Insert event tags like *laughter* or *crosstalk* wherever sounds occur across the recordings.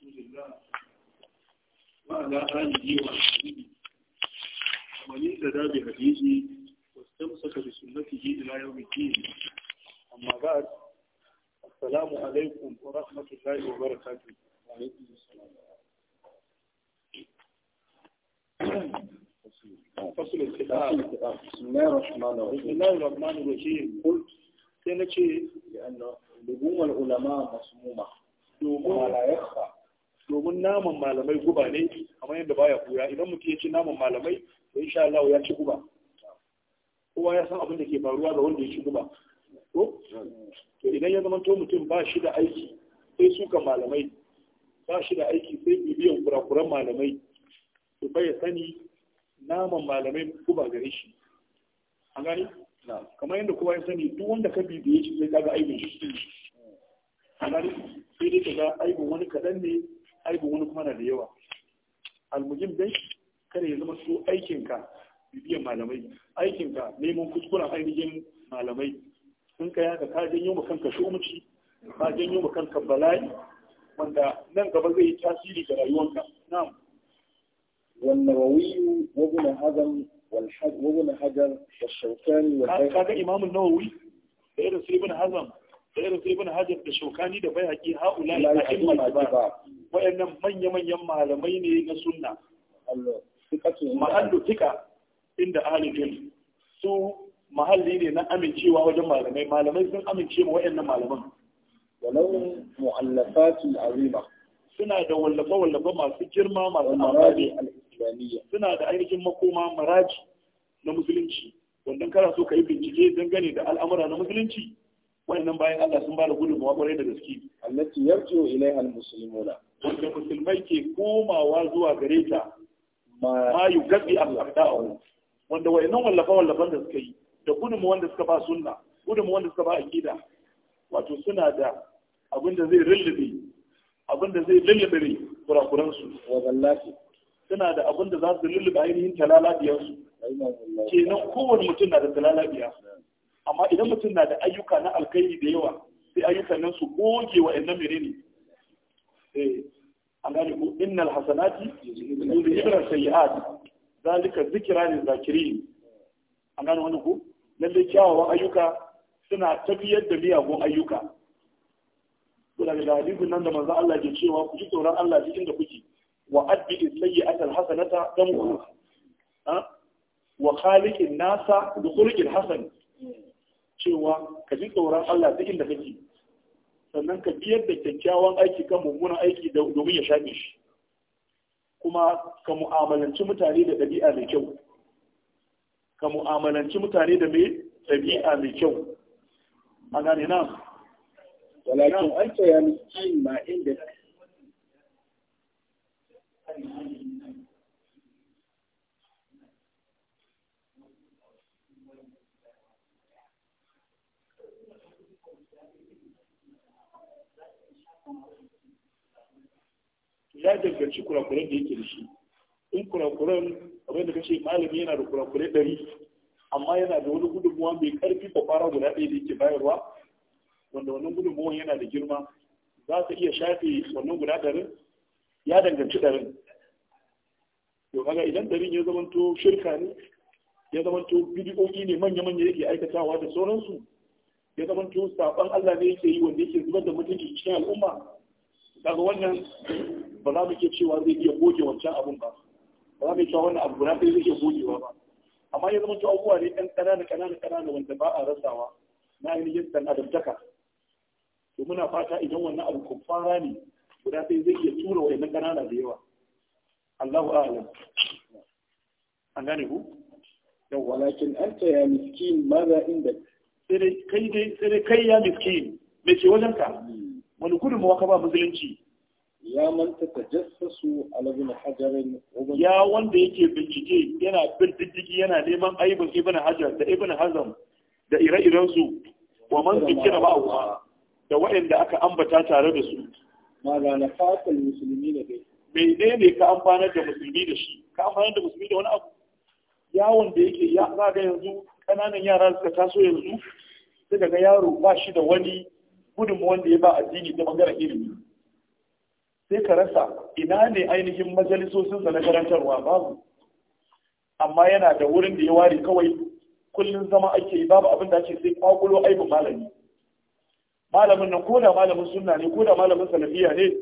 رسول الله وعلى آله وصحبه ومن اهتدى بهديه واستمسك بسنته إلى يوم الدين أما بعد السلام عليكم ورحمة الله وبركاته وعليكم السلام فصل الكتاب بسم الله الرحمن الرحيم بسم الله الرحمن الرحيم قلت سنة لأن لزوم العلماء مسمومة ولا يخفى domin naman malamai guba ne kamar yadda baya koya, idan mutum ya ci naman malamai to insha Allah ya ci guba kowa ya san abin da ke faruwa ga wanda ya ci guba ko to idan ya zama to mutum ba shi da aiki sai suka malamai ba shi da aiki sai biyan kurakuran malamai to bai sani naman malamai guba gare shi an gani kamar yadda kowa ya sani duk wanda ka bibiye shi sai kaga aibin shi an gani sai dai kaga aibin wani kaɗan ne aibu wani kuma na da yawa almuhim dai kada ya zama su aikinka bibiyan malamai aikinka neman kuskuren ainihin malamai sun ka yaka ka janyo ma kanka shumci ka janyo ma kanka bala'i wanda nan gaba zai yi tasiri ga rayuwanka na'am والنووي وابن هزم وابن حجر والشوكاني kaga imam an-nawawi da irin su ibn hazm da irin sai ibn hajar da shaukani da bai haƙi haula ya ba wayannan manya-manyan malamai ne na sunna mahallu tika inda ahli su mahalli ne na amincewa wajen malamai malamai sun amince ma wayannan malaman walau mu'allafati azima suna da wallafa-wallafa masu girma masu mamaki suna da ainihin makoma maraji na musulunci wannan kana so ka yi bincike dangane da al'amura na musulunci wayannan bayan Allah sun ba da gudunmawa kwarai da gaske allati yarjo ilai al-muslimuna wanda musulmai ke komawa zuwa gare ta ma yi gabi al'ada'u wanda nan wallafa-wallafan da suka yi da gudunmu wanda suka ba sunna gudunmu wanda suka ba a gida, wato suna da abin da zai lullube abin da zai lullube kurakuransu wa zallafi suna da abinda da za su lullube ainihin talalabiyarsu kenan kowane mutum na da talalabiya amma idan mutum na da ayyuka na alkhairi da yawa sai ayyukan nan su goge wa'annan menene Eh, an gane ku innal hasanati yuzhibna sayyi'at zalika zikra lil zakirin an gane wani ku lalle kyawawan ayyuka suna tafiyar da miyagun ayyuka to daga da hadisin nan da manzo Allah ke cewa ku ji tsoron Allah cikin da kuke wa adbi sayyi'at al hasanata tamhu wa khaliqin nasa bi khuluqil hasan cewa ka ji tsoron Allah cikin da kake sannan ka biyar da kyakkyawan aiki kan mummunan aiki domin ya shafe shi kuma ka mu'amalanci mutane da ɗabi'a mai kyau ka mu'amalanci mutane da mai ɗabi'a mai kyau a gane na walakin an tsaya misayin ma inda ya danganci kurakuren da yake da shi in kurakuren abin da kace malami yana da kurakure dari amma yana da wani gudunmuwa mai ƙarfi fara guda ɗaya da yake bayarwa wanda wannan gudunmuwan yana da girma za ka iya shafe wannan guda ɗarin ya danganci ɗarin to kaga idan ɗarin ya zamanto shirka ne ya zamanto bidiyoyi ne manya-manya yake aikatawa da sauransu ya zamanto saɓon Allah ne yake yi wanda yake zubar da mutunci cikin al'umma daga wannan ba za mu iya cewa zai iya goge wancan abun ba ba za mu iya cewa wannan abu na ɗaya zai iya gogewa ba amma ya zama cewa abubuwa ne ɗan ƙanana ƙanana ƙanana wanda ba a rasawa na ainihin ɗan adamtaka to muna fata idan wannan abu kun fara ne guda sai zai iya tura wa ƙanana da yawa Allahu a'lam an gane ku yau walakin anta ya miskin maza inda sai dai kai ya miskin me ke wajenka wani gudunmawa ka ba musulunci ya manta ta jassasu alabin hajarin ya wanda yake bincike yana bin diddigi yana neman aibin ibn hajar da ibn hazam da ire-irensu wa man zikira ba da waɗanda aka ambata tare da su ma ga na fatal musulmi da dai ne ka amfana da musulmi da shi ka amfana da musulmi da wani abu ya wanda yake ya zaga yanzu kananan yara suka taso yanzu suka ga yaro ba shi da wani gudunmu wanda ya ba addini ta bangaren ilimi sai ka rasa ina ne ainihin majalisosinsa na karantarwa babu amma yana da wurin da ya ware kawai kullum zama ake yi babu abin da ake sai kwakulo aibin malami malamin nan ko da malamin sunna ne ko da malamin salafiya ne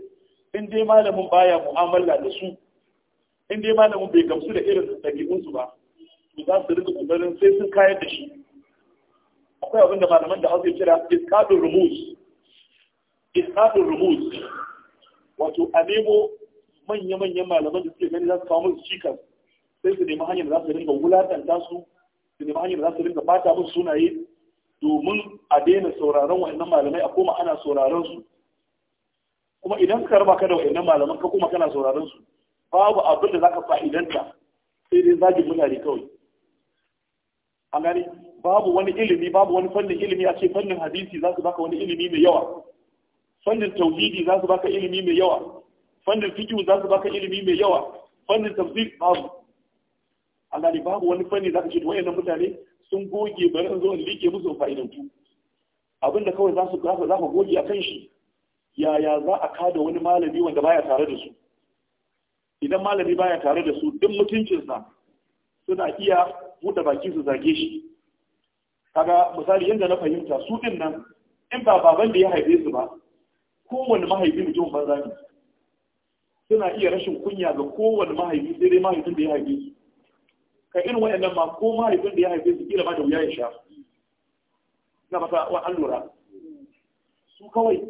in dai malamin baya mu'amala da su in dai malamin bai gamsu da irin ɗabi'unsu ba to za su rika kokarin sai sun kayar da shi akwai abin da malaman da hausa kira iskadun rumus iskadun rumus wato a nemo manya-manyan malaman da suke gani za su kawo musu cikas sai su nemi hanyar da za su ringa wulatanta su su nemi hanyar da za su ringa bata musu sunaye domin a daina sauraron wa'annan malamai a koma ana sauraron su kuma idan ka raba ka da wa'annan malaman ka kuma kana sauraron su babu abin da za ka fa'idanta sai dai zagin mutane kawai an gani babu wani ilimi babu wani fannin ilimi a ce fannin hadisi za su baka wani ilimi mai yawa fannin tauhidi za su baka ilimi mai yawa fannin fikihu za su baka ilimi mai yawa fannin tafsir babu an gane babu wani fanni za ka ce wayannan mutane sun goge bari in zo in liƙe musu fa'idantu abinda kawai za su za ka goge akan shi yaya za a kada wani malami wanda baya tare da su idan malami baya tare da su duk mutuncinsa suna iya buɗe baki su zage shi kaga misali yadda na fahimta su din nan in ba baban da ya haife su ba kowane mahaifi mutumin banza ne suna iya rashin kunya ga kowane mahaifi sai dai mahaifin da ya haife su ka irin wayannan ma ko mahaifin da ya haife su kila ba da wuya ya sha na fasa wa an lura su kawai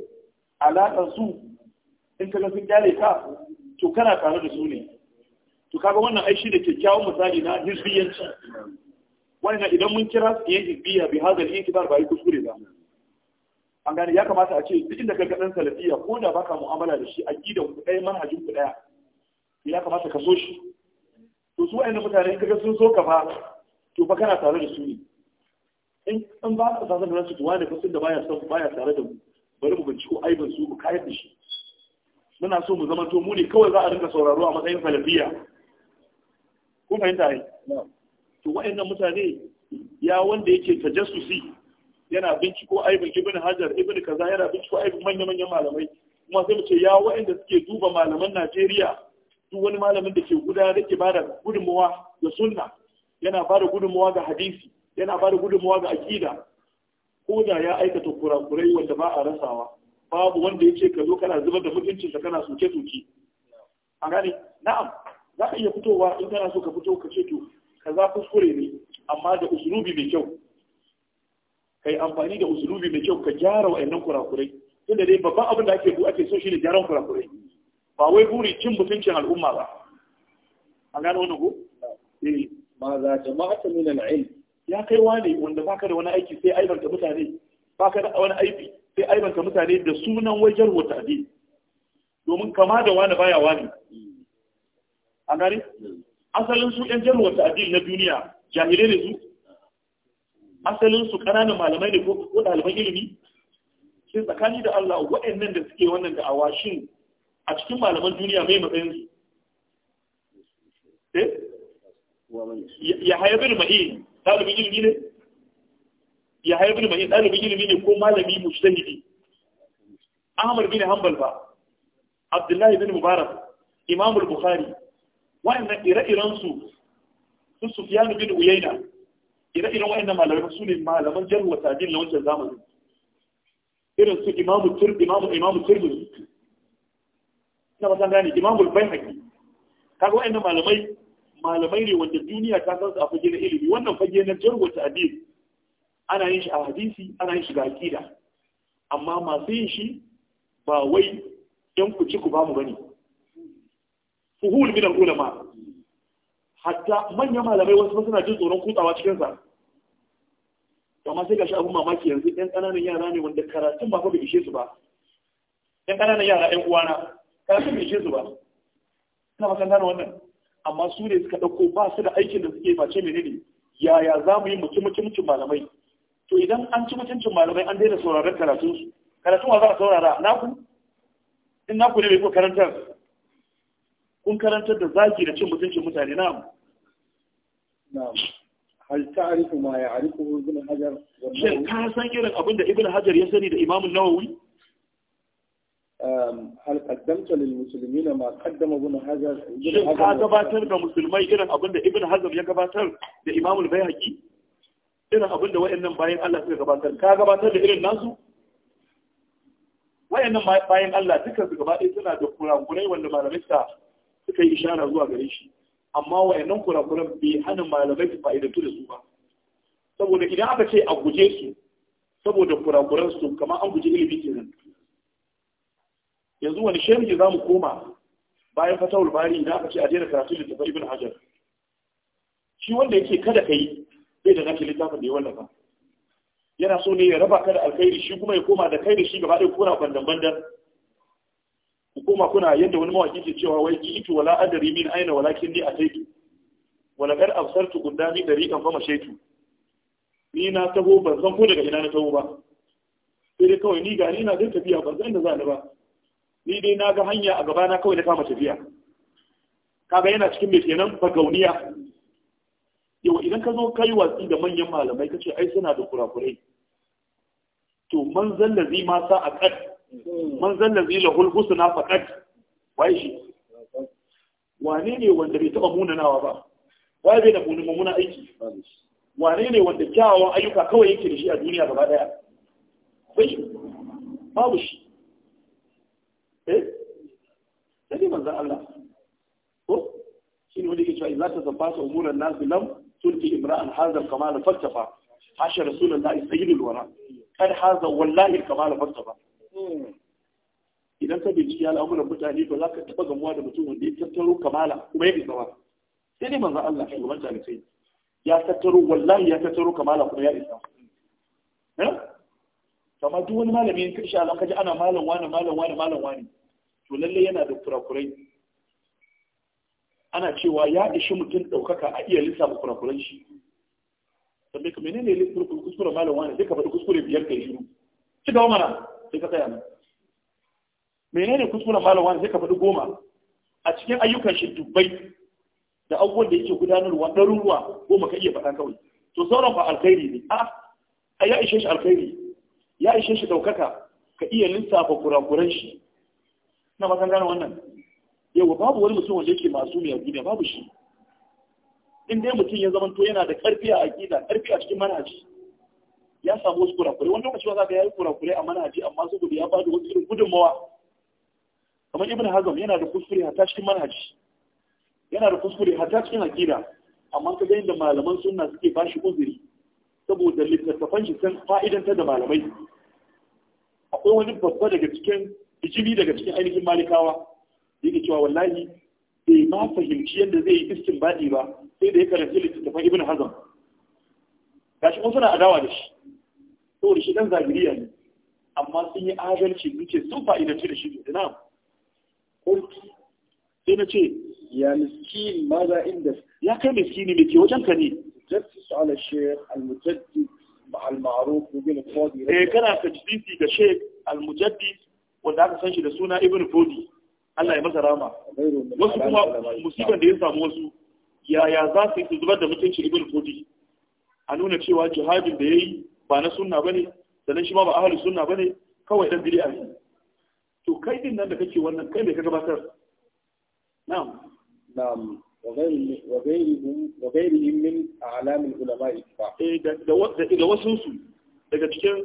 alaƙar su in ka sun gyale ka to kana tare da su ne to kaga wannan ai shi da kyakkyawan misali na hizbiyanci wannan idan mun kira su yin hizbiya bi hadal itibar ba yi kuskure ba an gane ya kamata a ce duk da gargaɗin salafiya ko da baka mu'amala da shi gidan ku ɗaya manhajin ku ɗaya ya kamata ka so shi to su wa'annan mutane kaga sun so ka fa to fa kana tare da su ne in ba ka tare da su to wani fasin da baya son baya tare da mu bari mu binciko aibin su ku kayar da shi muna so mu zama to mu ne kawai za a rinka sauraro a matsayin salafiya Ko fahimta ne to wa'annan mutane ya wanda yake tajassusi yana binciko aibin ibn hajar ibn kaza yana binciko aibin manya-manyan malamai kuma sai mu ce ya wa'anda suke duba malaman najeriya duk wani malamin da ke guda da ke bada gudunmawa ga sunna yana bada gudunmawa ga hadisi yana bada gudunmawa ga akida ko da ya aikata kurakurai wanda ba a rasawa babu wanda ya ce ka zo kana zubar da mutuncinsa kana soke-soke a gane na'am za ka iya fitowa in kana so ka fito ka ce to kaza kuskure ne amma da usulubi mai kyau kai amfani da usulubi mai kyau ka gyara wa'annan kurakurai tunda dai babban abin da ake ake so shi ne gyaran kurakurai ba wai buri cin mutuncin al'umma ba an gano wani ko eh ma za jama'atu min al-ilm ya kai wani wanda baka da wani aiki sai aibanta mutane baka da wani aiki sai aibanta mutane da sunan wajen wata domin kama da wani baya wani an gane hmm. asalin su yan jarwata addini na duniya jahilai ne su asalin su ƙananan malamai ne ko ɗaliban ilimi sai tsakani da Allah waɗannan da suke wannan awa shin a cikin malaman duniya mai matsayin su eh? ya haya bin ma'i ɗalibin ilimi ne ya haya bin ma'i ɗalibin ilimi ne ko malami mujtahidi Ahmad bin Hanbal ba Abdullahi bin Mubarak Imam bukhari waɗannan ire-iren su su Sufyan bin uyaina ire-iren na malamai su ne malaman jarwa tajin na wancan zamani irin su imamu turbi imamu imamu turbin ina ba san gane imamu bayhaqi kaga waɗannan malamai malamai ne wanda duniya ta san su a fage na ilimi wannan fage na jarwa tajin ana yin shi a hadisi ana yin shi ga aqida amma masu yin shi ba wai yan ku ci ku ba mu bane fuhul min ulama hatta manyan malamai wasu suna jin tsoron kutsawa cikinsa to amma sai gashi abun mamaki yanzu ɗan ƙananan yara ne wanda karatun ba fa bai ishe su ba ɗan ƙananan yara ɗan uwana karatun bai ishe su ba ina fatan na wannan amma su ne suka ɗauko ba su da aikin da suke face menene yaya za mu yi mutum mutuncin malamai to idan an ci mutuncin malamai an daina sauraron su, karatun wa za a saurara naku in naku ne bai ko karantar kun karantar da zaki da cin mutuncin mutane na na'am hal ta'rifu ma ya'rifu ibn hajar shin ka san irin abin da ibn hajar ya sani da imam an-nawawi hal qaddamta lil muslimina ma qaddama ibn hajar shin ka gabatar da musulmai irin abin da ibn hajar ya gabatar da imam al-baihaqi irin abin da wayannan bayan Allah suka gabatar ka gabatar da irin nasu wayannan bayan Allah duka su gaba ɗaya suna da kurakurai wanda malamai suka yi ishara zuwa gare shi amma wayannan kurakuran bai hana malamai su fa'idantu da su ba saboda idan aka ce a guje su saboda kurakuran su kamar an guje ilimi kenan yanzu wani shehu za mu koma bayan fatawul bari idan aka ce a daina karatu da tafi ibn hajar shi wanda yake kada kai zai da zaki littafin da ya wallafa yana so ne ya raba ka da alkhairi shi kuma ya koma da kai da shi gaba ɗaya kura bandan bandan koma kuna yadda wani mawaki ke cewa wai jitu wala adari min aina walakin ni ataitu wala kar absartu dari kan fa mashaitu ni na taho ban san ko daga ina na taho ba sai dai kawai ni ga ni na zan tafiya ban san da za ni ba ni dai na ga hanya a gaba na kawai na kama tafiya kaga yana cikin mai kenan fagauniya yau idan ka zo kai watsi da manyan malamai kace ai suna da kurakurai to man zallazi ma sa a kad man zalla zila hulhusu na fakat Wai? shi wane ne wanda bai taɓa munanawa ba waye bai da mummuna aiki wane ne wanda kyawawan ayyuka kawai yake da shi a duniya gaba ɗaya? Wai? shi babu shi eh sai manzan Allah ko shi ne wanda yake cewa idza tazabbata umuran nas lam tulki imra'an hadha al-kamal faktafa hasha rasulullahi sayyidul wara kad hadha wallahi al-kamal faktafa idan ka binciki al'amuran mutane ba za ka taɓa gamuwa da mutum wanda ya tattaro kamala kuma ya isa ba sai dai manzan Allah shugaban talibai ya tattaro wallahi ya tattaro kamala kuma ya isa kamar eh? duk wani malami in karshe alam kaji ana malam wani malam wani malam wani to lalle yana da kurakurai ana cewa ya ishi mutum ɗaukaka a iya lissafa kurakuran shi kamar ka ne lissafa kuskure malam wani sai ka faɗi kuskure biyar kai shiru ci gaba mana sai ka tsaya nan menene kuskuren malam wani sai ka faɗi goma a cikin ayyukan shi dubbai da abubuwan da yake gudanarwa ɗaruruwa goma ka iya faɗa kawai to sauran ba alkhairi ne a ya ishe shi alkhairi ya ishe shi ɗaukaka ka iya lissafa kurakuran shi na matan gane wannan yau babu wani mutum wanda yake masu mai aƙida babu shi in dai mutum ya zamanto yana da ƙarfi a aƙida ƙarfi a cikin manhaji ya samu wasu kurakure wani lokaci ba za ka yi kurakure a manhaji amma saboda ya bada wasu irin gudunmawa kamar ibn hazm yana da kuskure hatta cikin manhaji yana da kuskure hatta cikin aqida amma ka ga yadda malaman sunna suke ba shi uzuri saboda littattafan shi sun fa'idantar da malamai akwai wani babba daga cikin bijimi daga cikin ainihin malikawa yake cewa wallahi bai ma fahimci yadda zai yi istinbadi ba sai da ya karanta littattafan ibn hazm gashi kun suna adawa da shi saboda shi dan zagiriya ne amma sun yi adalci sun sun fa'idanci da shi da na sai na ce ya miskin ma za inda ya kai miskini mai ke wajen ka ne justice ala shekh al-mujaddid ko bin fodi eh kana ka sisi ga shekh al wanda aka san shi da suna ibn fodi Allah ya masa rama wasu kuma musiban da ya samu wasu yaya za su yi su zubar da mutunci ibn fodi a nuna cewa jihadin da ya yi ba na sunna bane sannan shi ma ba ahli sunna bane kawai dan bid'a ne to kai din nan da kake wannan kai mai ka gabatar na'am na'am wa ghayrihim wa ghayrihim min a'lam al-ulama ittifa eh da da wasu su daga cikin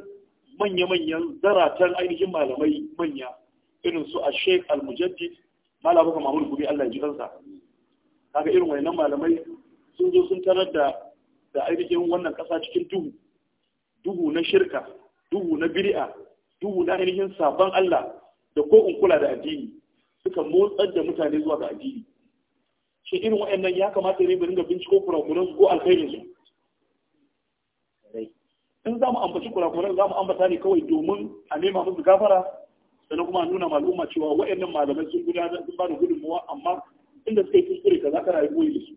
manya-manyan zaratan ainihin malamai manya irin su a sheik al-mujaddid malama kuma mahmud gobe Allah ya ji kansa kaga irin wayannan malamai sun zo sun tarar da da ainihin wannan kasa cikin duhu duhu na shirka duhu na bid'a duhu na ainihin sabon Allah da ko in kula da addini suka motsar da mutane zuwa ga addini shi irin wa'annan ya kamata ne mu dinga binciko kurakuran ko alkhairin su in za mu ambaci kurakuran za mu ambata ne kawai domin a nema musu gafara sannan kuma nuna maluma cewa wa'annan malamai sun gudanar ba da gudunmawa amma inda suka yi kuskure za ka rayu goyi da su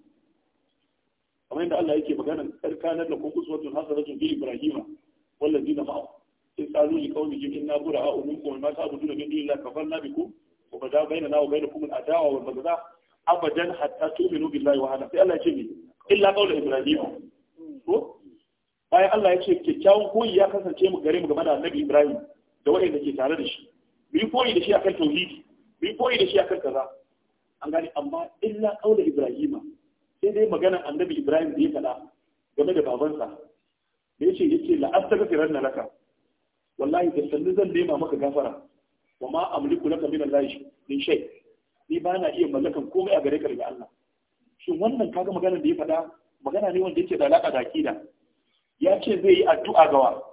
kamar yadda Allah yake magana karkanar da kun uswatun hasanatun fi ibrahima wallazina ma'a in qalu li qaumihim inna bura'a minkum ma ta'buduna min duni llahi ko? bikum wa bada bainana wa bainakum al-adawa wal baghdha abadan hatta tu'minu billahi wa sai Allah ya ce ni illa qawla ibrahima ko bayan Allah ya ce kyakkyawan koyi ya kasance mu gare mu game da annabi Ibrahim da waɗanda ke tare da shi bi koyi da shi akan tauhidi bi koyi da shi akan kaza an gani amma illa qawla ibrahima sai dai maganar annabi ibrahim da ya faɗa game da babansa da ya ce ya ce la'astaghfiran na laka wallahi da sannu zan nema maka gafara wa ma amliku laka min Allah min shay ni ba na iya mallakan komai a gare ka daga Allah shin wannan kaga maganar da ya faɗa magana ne wanda yake da alaka da akida ya ce zai yi addu'a gawa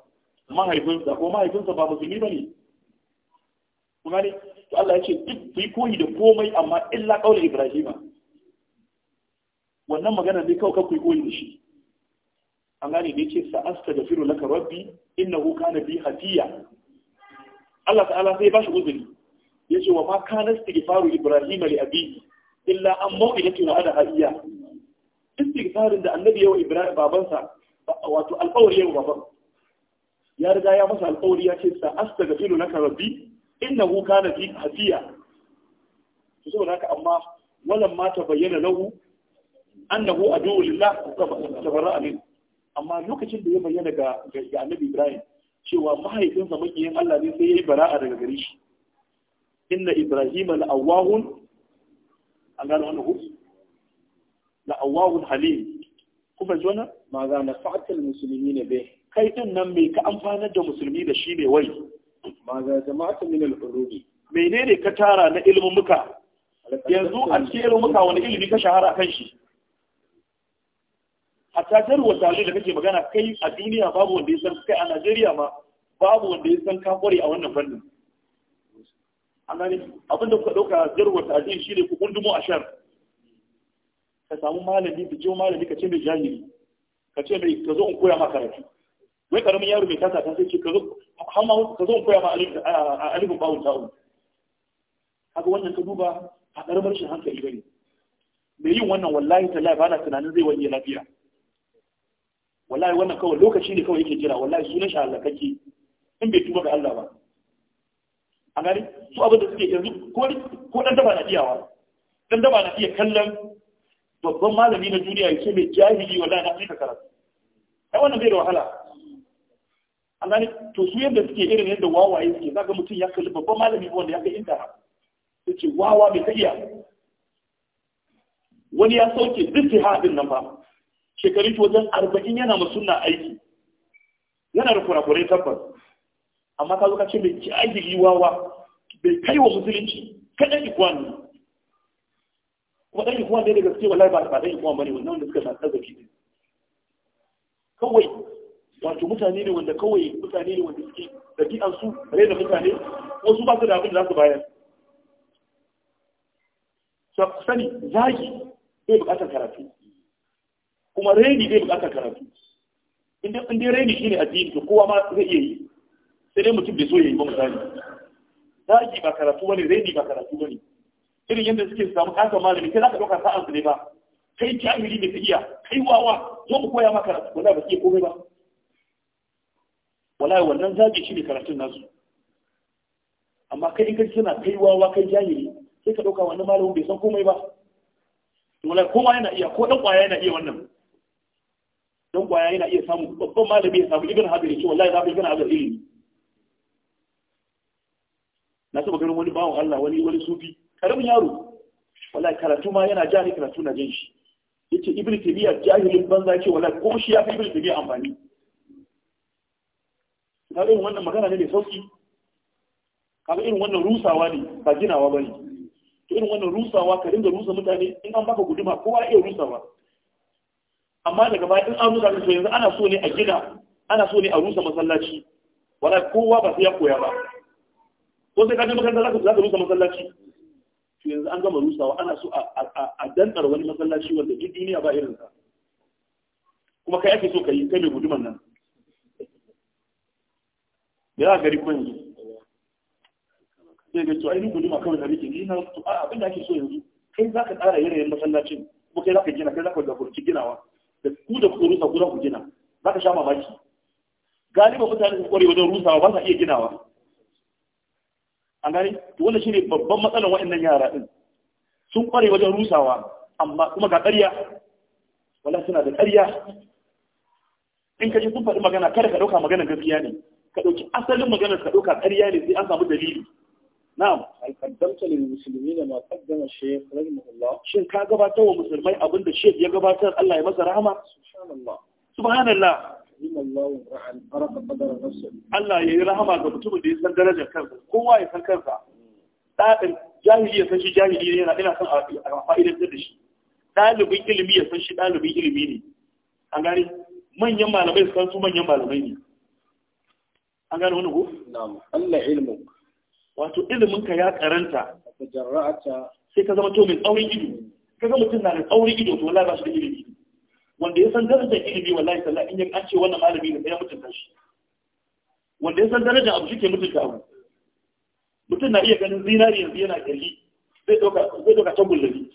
mahaifinsa ko mahaifinsa ba musulmi bane kuma ne to Allah ya ce duk koyi da komai amma illa ƙaunar ibrahima wannan magana ne kawai kakwai koyi da shi an gane ne ce sa'asta da firu laka rabbi innahu kana bi hadiya Allah ta'ala sai ba shi uzuri ya ce wa ma kana istighfaru ibrahim li abi illa an mawqilati wa ada hadiya istighfarin da annabi yawa ibrahim babansa wato alƙawari yawa baban ya riga ya masa alƙawari ya ce sa'asta da firu laka rabbi innahu kana bi hadiya to saboda haka amma walan ma bayyana lahu annahu adu lillah tabarra amin amma lokacin da ya bayyana ga annabi Ibrahim cewa mahaifinsa makiyin Allah ne sai ya yi bara'a daga gare shi inna Ibrahim la'awahun an gano wannan hukum la'awahun halim kuma ji wannan ma za na fa'atul musulmi ne bai kai din nan mai ka amfanar da musulmi da shi ne wai ma za jama'atu min al-urubi menene ka tara na ilmumuka yanzu a cikin ilmumuka wani ilimi ka shahara kan shi hatta jarwar tare da kake magana kai a duniya babu wanda ya san kai a Najeriya ma babu wanda ya san ka kware a wannan fannin an gane da kuka dauka jarwar tare shi ne ku kundumo a shar ka samu malami ka jiwo malami ka ce mai jahili ka ce mai ka zo in koya ma karatu wai karamin yaro mai tasa ta sai ce ka zo ka zo in koya ma alifin bawun ta'u. kaga wannan ka duba a karamar shi hankali bane mai yin wannan wallahi ta ba na tunanin zai wani lafiya wallahi wannan kawai lokaci ne kawai yake jira wallahi sunan shi kake in bai tuba ga Allah ba a gari su abin da suke yanzu ko dan daba na iyawa dan daba na iya kallon babban malami na duniya yake mai jahili wallahi na Afirka karatu ai wannan bai da wahala an gari to su yadda suke irin yadda wawaye suke zaka mutum ya kalli babban malami wanda ya kai inda ya ce wawa bai ta iya wani ya sauke duk jihadin nan ba Shekaru shi wajen arba'in yana ma sunna aiki yana da kurakure tabbas amma ka zo ka ce mai yi wawa bai kai wa musulunci kaɗan ikuwan ne kuma ɗan ikuwan ne daga gaske wallahi ba ba ɗan ikuwan bane wannan wanda suka sa tsazaki ne kawai wato mutane ne wanda kawai mutane ne wanda suke ɗabi'an su da mutane wasu ba su da abin da za su bayar sani zagi bai buƙatar karatu kuma redi zai bukatar karatu in dai raini shine addini to kowa ma zai iya yi sai dai mutum bai so ya yi ba misali zagi ba karatu bane redi ba karatu bane irin yadda suke samu kasa malami sai zaka ka sa'an su ne ba kai jahili ne ta iya kai wawa zo mu koya maka karatu wala ba ke komai ba wallahi wannan zagi shine karatun nasu amma kai in kai suna kai wawa kai jahili sai ka ɗauka wannan malamin bai san komai ba to wallahi kowa yana iya ko dan kwaya yana iya wannan don kwaya yana iya samu babban malami ya samu ibn hajar ya ce wallahi za ku ibn ilimi na saba ganin wani bawan Allah wani wani sufi karamin yaro wallahi karatu ma yana jani karatu na jin shi yace ibn tabiya jahilin banza ce wallahi ko shi ya fi ibn tabiya amfani kaga irin wannan magana ne mai sauki ga irin wannan rusawa ne ba ginawa bane to irin wannan rusawa ka dinga rusa mutane in an baka guduma kowa ya rusawa amma daga baya in an zuwa da yanzu ana so ne a gina ana so ne a rusa masallaci wala kowa ba sai ya koya ba ko sai ka je makaranta za ka rusa masallaci to yanzu an gama rusawa ana so a dantsar wani masallaci wanda duk duniya ba irin sa kuma kai ake so ka yi kai mai guduman nan da za gari kuma yanzu sai ga to ainihin guduma kawai da rike ni na to abin da ake so yanzu kai za ka tsara yanayin masallacin kuma kai za ka gina kai za ka gafurci ginawa da ku da ku rusa gudan za ku gina za ka sha mamaki galiba mutane su kware wajen rusawa ba sa iya ginawa an gane to wannan shine babban matsalar waɗannan yara din sun kware wajen rusawa amma kuma ga ƙarya wala suna da ƙarya in ka ji sun faɗi magana kada ka ɗauka maganar gaskiya ne ka ɗauki asalin maganar ka ɗauka ƙarya ne sai an samu dalili na'am al qaddamta lil muslimin ma qaddama shaykh rahimahullah shin ka gabatar wa musulmai abin da shaykh ya gabatar Allah ya masa rahama subhanallah subhanallah Allah ya yi rahama ga mutumin da ya san darajar kansa kowa ya san kansa ɗaɗin jahili ya san shi jahili ne yana ina son a fa'idantar da shi ɗalibin ilimi ya san shi ɗalibin ilimi ne an gani manyan malamai su san su manyan malamai ne an gani wani ko? Allah ilmu wato ilimin ka ya karanta sai ka zama to mai tsaurin ido ka ga mutum na da tsaurin ido to wallahi ba shi da ilimi wanda ya san darajar ilimi wallahi sallah in ya an ce wannan malami ne ya mutunta shi wanda ya san darajar abu shi ke mutunta abu mutum na iya ganin zinari yanzu yana kalli zai dauka zai dauka tagullari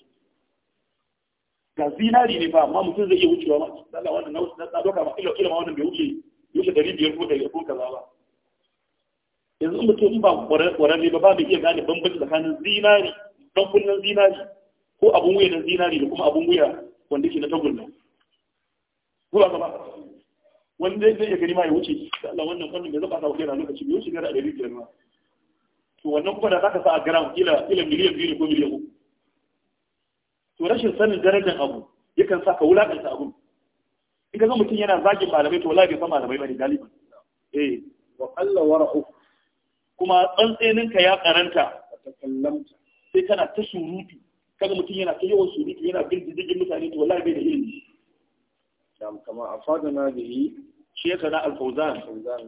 ga zinari ne ba, amma mutum zai iya wucewa ma Allah wannan na dauka ma ila ila ma wannan bai wuce wuce 500 ko 100 ko kaza ba yanzu mutum ba ƙwararre ba ba mai iya gane bambanci tsakanin zinari don kunnen zinari ko abun wuya na zinari da kuma abun wuya wanda ke na tagulla zuwa wani wanda zai iya gani ma ya wuce Allah wannan fannin bai zaba sa kai na lokaci bai wuce gara a ɗari biyar ma to wannan kuma da zaka sa a gram kila kila miliyan biyu ko miliyan uku to rashin sanin darajar abu yakan sa ka wulakanta abu in ka ga mutum yana zagin malamai to wallahi bai san malamai bane galiba eh wa qalla wara'u kuma tsantseninka ya karanta sai kana ta surutu kaga mutum yana ta yawan surutu yana bin diddigin mutane to wallahi bai da ilimi kam kama afadana bihi na al-fawzan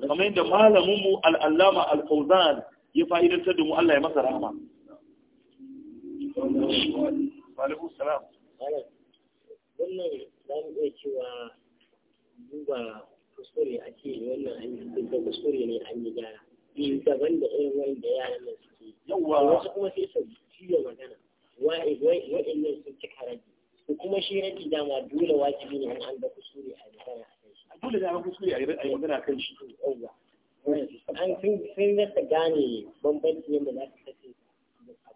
kamar yadda malamin mu al-allama al-fawzan ya fa'idantar da mu Allah ya masa rahama alaikum salam wannan za mu iya cewa duba kuskure ake wannan an yi kuskure ne an yi gyara daban da irin wanda yaran nan suke yawa wasu kuma sai su jiya magana wa'annan sun cika rabi ko kuma shi rabi dama dole wajibi ne an ga kuskure a magana a kan shi dole da an kuskure a yi magana kan shi an sun sun ta gane bambanci yadda za su kace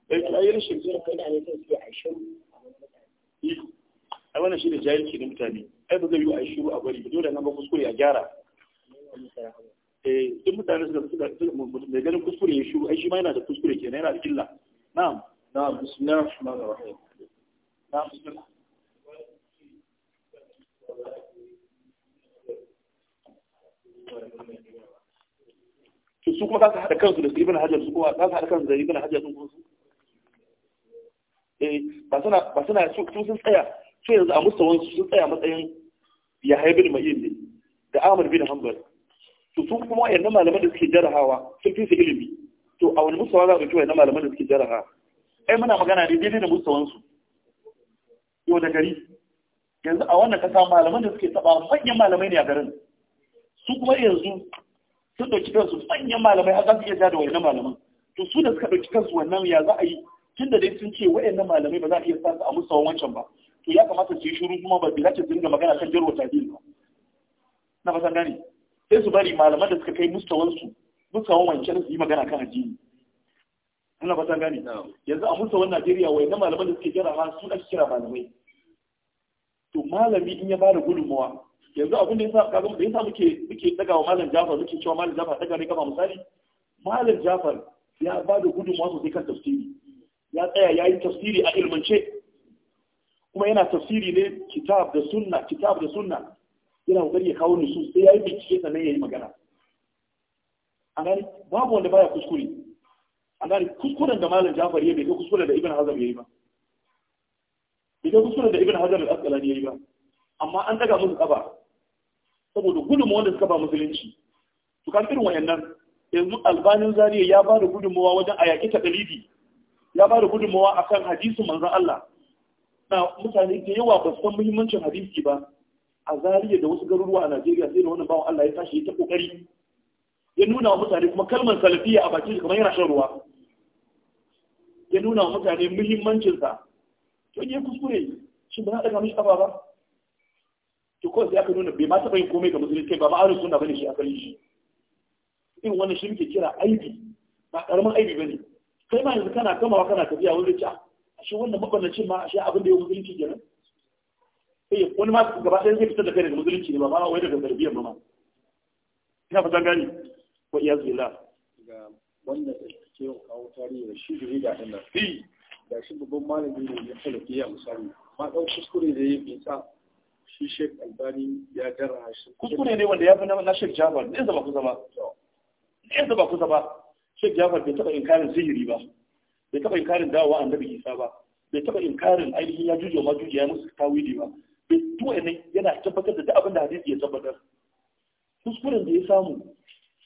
bai eh, tsayar shi zuwa kai da ne sun suke a shiru a eh, wannan shi da jahilci na mutane ai ba zai yi a shiru a bari dole na ba kuskure a gyara Eh, duk mutane suka suka mai ganin kuskure ya shiru ai shi ma yana da kuskure kenan yana da illa na'am na'am bismillahir rahmanir rahim na'am bismillah su kuma za su haɗa kansu da su ibn hajar su kuma za su haɗa kansu da ibn hajar sun kuma su eh ba suna ba suna su sun tsaya su yanzu a mustawansu sun tsaya matsayin ya haibin mai ne da amur bin Hanbal to su kuma wayannan malaman da suke jarahawa sun fi su ilimi to a wani musawa za a ɗauki wayannan malaman da suke jaraha ai muna magana ne daidai da musawansu yau da gari yanzu a wannan kasa malaman da suke taɓa manyan malamai ne a garin su kuma yanzu sun ɗauki kansu manyan malamai a za su iya ja da wayannan malaman to su da suka ɗauki kansu wannan ya za a yi tun da dai sun ce wayannan malamai ba za a iya sa su a musawan wancan ba to ya kamata su yi shiru kuma ba bi za su dinga magana kan jarwa tadil ba na fasan gane sai su bari malaman da suka kai mustawansu mustawan wancan su yi magana kan addini ina fatan gane yanzu a mustawan Najeriya wai na malaman da suke jira ha su ake kira malamai to malami in ya bada gudunmawa yanzu abin da yasa kaga da sa muke muke daga wa malam Jafar muke cewa malam Jafar daga ne kama misali malam Jafar ya bada gudunmawa sosai kan tafsiri ya tsaya ya yi tafsiri a ilmance kuma yana tafsiri ne kitab da sunna kitab da sunna yana kokari ya kawo nusu sai ya yi bincike sannan ya yi magana A gani babu wanda baya kuskure A gani kuskuren da malam jafar ya bai kuskuren da ibn hazar ya yi ba bai kai kuskuren da ibn hazar al-asqalani ya yi ba amma an daga musu kaba saboda gudunmawa wanda suka ba musulunci to kan irin wayannan yanzu albanin zariya ya ba da gudunmuwa wajen a yaƙi takalidi ya ba da a akan hadisin manzon Allah na mutane da yawa ba san muhimmancin hadisi ba a zariya da wasu garuruwa a Najeriya sai da wannan bawan Allah ya tashi ya ta kokari ya nuna wa mutane kuma kalmar salafiya a bakin kamar yana shan ruwa ya nuna wa mutane muhimmancin sa to ne kuskure shi ba za daga mishi kafa ba to ko sai aka nuna bai ma taba yin komai ga musulunci kai ba ma arin sunna bane shi yi shi in wannan shi muke kira aibi ba karamin aibi bane kai ma yanzu kana kamawa kana tafiya wani rica ah, shi wannan mabannacin ma a shi abin da ya musulunci kenan sai eh, wani ma gaba ɗaya zai fitar da kai daga musulunci ne ba ma wai daga tarbiyyar ba ma ina fatan gani Ko iya zila ga wanda ke kawo tarihi da shi da da nan da eh. shi babban malami ne ya salafiya misali ma ɗau kuskure da ya bisa shi shek albani ya dara shi kuskure ne wanda ya fi na shek jafar ne zaba kusa ba ne zaba kusa ba shek jafar bai taɓa inkarin sihiri ba bai taɓa inkarin dawowa annabi isa ba bai taɓa inkarin ainihin ya jujo ma jujo ya musu tawili ba duk duwa ne yana tabbatar da duk abin da hadisi ya tabbatar kuskuren da ya samu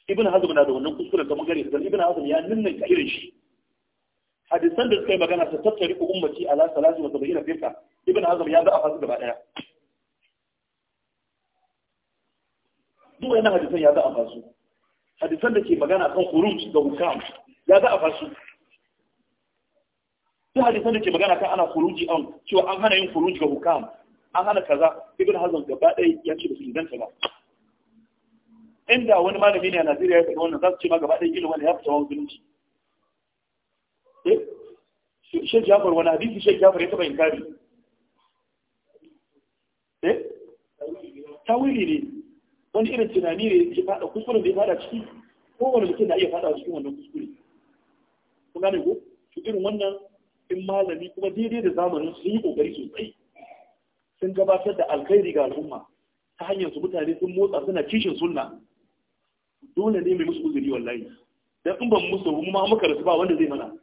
ibn hazm na da wannan kuskuren ta bangare da ibn hazm ya ninnin ka irin shi hadisan da suka yi magana ta tattari ku ummati ala salatu wa tabayyana firka ibn hazm ya za a fasu gaba daya duk wannan hadisan ya za a fasu hadisan da ke magana kan khuruj da hukam ya za a duk hadisan da ke magana kan ana khuruji an cewa an hana yin khuruj ga hukam an hana kaza ibn hazm gaba ɗaya ya ce ba su inganta ba inda wani malami ne a Najeriya ya faɗi wannan za su ce ma gaba ɗaya ilimin ya fita wani zumunci eh? Sheikh Jafar wani hadisi Sheikh Jafar ya taɓa inkari eh tawili ne wani irin tunani ne ya faɗa kuskuren da ya faɗa ciki wani mutum na iya faɗa cikin wannan kuskure kuma ne ko irin wannan in malami kuma daidai da zamanin su yi kokari sosai sun gabatar da alkhairi ga al'umma ta hanyar su mutane sun motsa suna kishin sunna dole ne mai musu uzuri wallahi dan in ban musu mu ma muka rasu ba wanda zai mana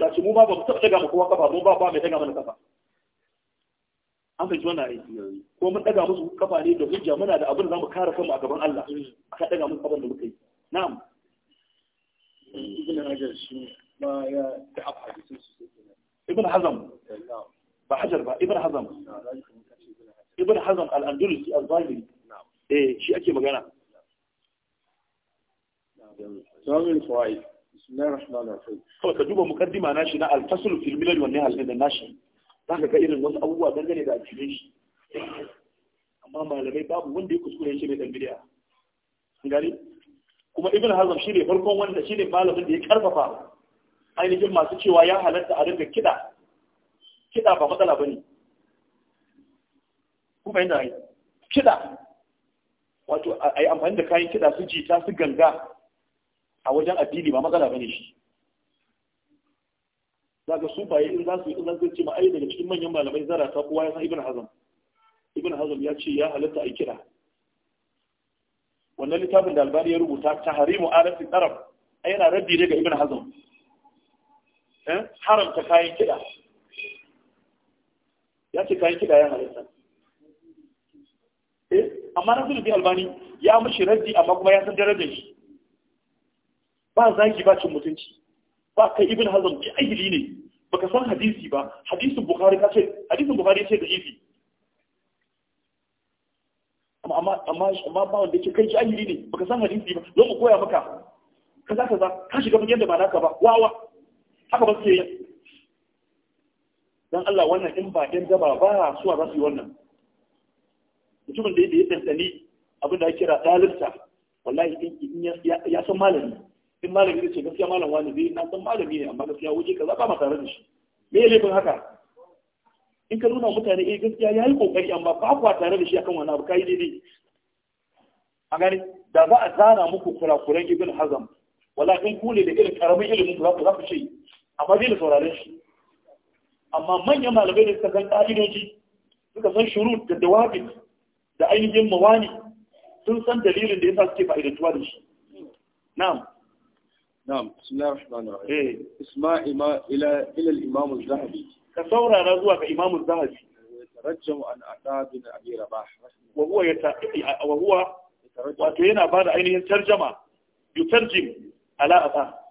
ba mu ba ba mu taɓa daga kowa kafa mu ba ba mai daga mana kafa an fahimci wannan aiki ko mun daga musu kafa ne da hujja muna da abin da zamu kare kanmu a gaban Allah aka daga musu kafan da muka yi na'am ibn hajar shi ma ya ta'afa da su ibn hazam ba hajar ba ibn hazam ibn hazam al-andalusi al-zahiri eh shi ake magana zawil to ka duba mukaddima na al-fasl fil milal wa nihal zaka ga irin wasu abubuwa dangane da shi amma malamai babu wanda ya kuskure shi ne dan gari kuma ibn Hazm shi ne farkon wanda shi ne malamin da ya karfafa ainihin masu cewa ya halatta a rinka kiɗa kiɗa ba matsala ba ne kuma yana yi kiɗa wato a yi amfani da kayan kiɗa su jita su ganga a wajen addini ba matsala ba ne shi za ga sufaye in za su yi in ce ma ai daga cikin manyan malamai zara ta kowa ya san ibn hazm ibn hazm ya ce ya halatta a kiɗa wannan littafin da albani ya rubuta tahrimu arafi tsarab a yana raddi ne ga ibn hazm eh? haramta kayan kiɗa an ce kayan kiɗa ya halitta eh amma na bi albani ya mushi raddi amma kuma ya san darajar shi ba zaki ba cin mutunci ba kai ibn hazm bi ahli ne baka san hadisi ba hadisin bukhari ka ce hadisin bukhari ce da ifi amma amma amma amma ba wanda yake kai shi ahli ne baka san hadisi ba zo mu koya maka kaza kaza ka shiga mu yadda ba naka ba wawa haka ba su yi dan Allah wannan in ba ɗin gaba ba su a su wannan mutumin da ya ɗanɗani abin da ya kira ɗalibta wallahi in ya san malami in malami ne ce gaskiya malam wani zai na san malami ne amma gaskiya waje kaza ba ma tare da shi me ya laifin haka in ka nuna mutane eh gaskiya ya yi kokari amma ba kwa tare da shi akan wani abu kai daidai a gani da za a zana muku kurakuran ibn hazam wallahi in kule da irin karamin ilimin za ku za ku ce amma zai da sauraren shi amma manyan malamai da suka san ƙa'idoji suka san shuru da dawabin da ainihin mawani sun san dalilin da yasa suke fa'idantuwa da shi na'am na'am bismillahir rahmanir rahim eh. isma'i ila ila al zahabi ka saurara zuwa ga imam az-zahabi tarajjam an ata bin abi rabah wa huwa yata wa huwa wato yana bada ainihin tarjama yutarjim ala ata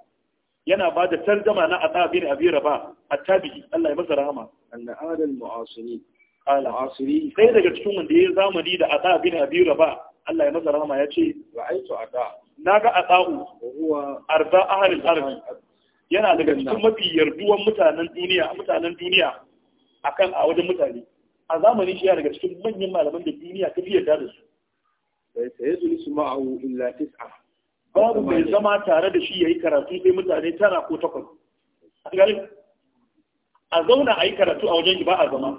yana ba da tarjama na Atha bin Abi Rabah at-Tabi'i Allah ya masa rahama anna adal mu'asiri qala asiri sai daga cikin wanda yayi zamani da Atha bin Abi Rabah Allah ya masa rahama yace ra'aytu Atha naga Atha'u huwa arda ahli al-ard yana daga cikin mafi yarduwan mutanen duniya mutanen duniya akan a wajen mutane a zamanin shi ya daga cikin manyan malaman da duniya ta fi yarda da su sai sai yajlisu ma'ahu illa tis'a babu mai zama tare da shi ya yi karatu sai mutane tara ko takwas a zauna a yi karatu a wajen ba a zama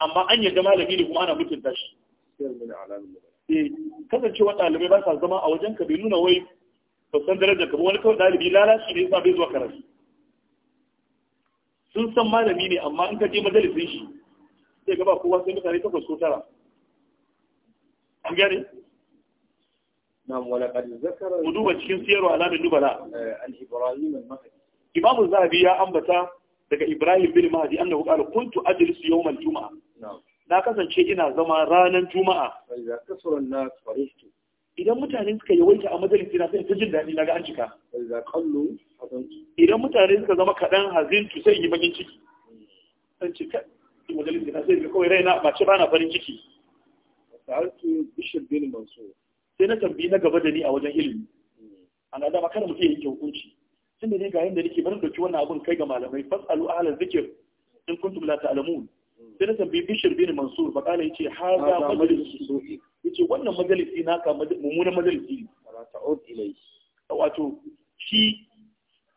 amma an zama malami ne kuma ana mutunta shi eh, kasancewa ɗalibai ba sa zama a wajen ka bai nuna wai ba san darajar ka wani kawai ɗalibi lalashi ne yasa bai zuwa karatu sun san malami ne amma in ka je majalisin shi sai gaba kowa sai mutane takwas ko tara an gane Nam duba cikin siyarwa alamin dubala eh, al-Ibrahim al-Mahdi Zahabi ya ambata daga Ibrahim bin Mahdi annahu qala kuntu ajlisu yawm al-jum'a na kasance ina zama ranar juma'a idan mutane suka yawaita a majalisi na sai ta jin daɗi naga an cika idan mutane suka zama kaɗan hazintu sai yi bakin ciki san cika majalisi na sai kawai raina ba ci bana farin ciki bishir bin mansur sai na tambayi na gaba da ni a wajen ilimi ana dama kada mu ya yanke hukunci tun da ne ga yadda nake bari dauki wannan abun kai ga malamai fasalu ahla zikir in kuntum la ta'lamun sai na tambayi bishir bin mansur ba kana yace haza majalisi yace wannan majalisi naka mummunan majalisi wala ta'ud ilai wato shi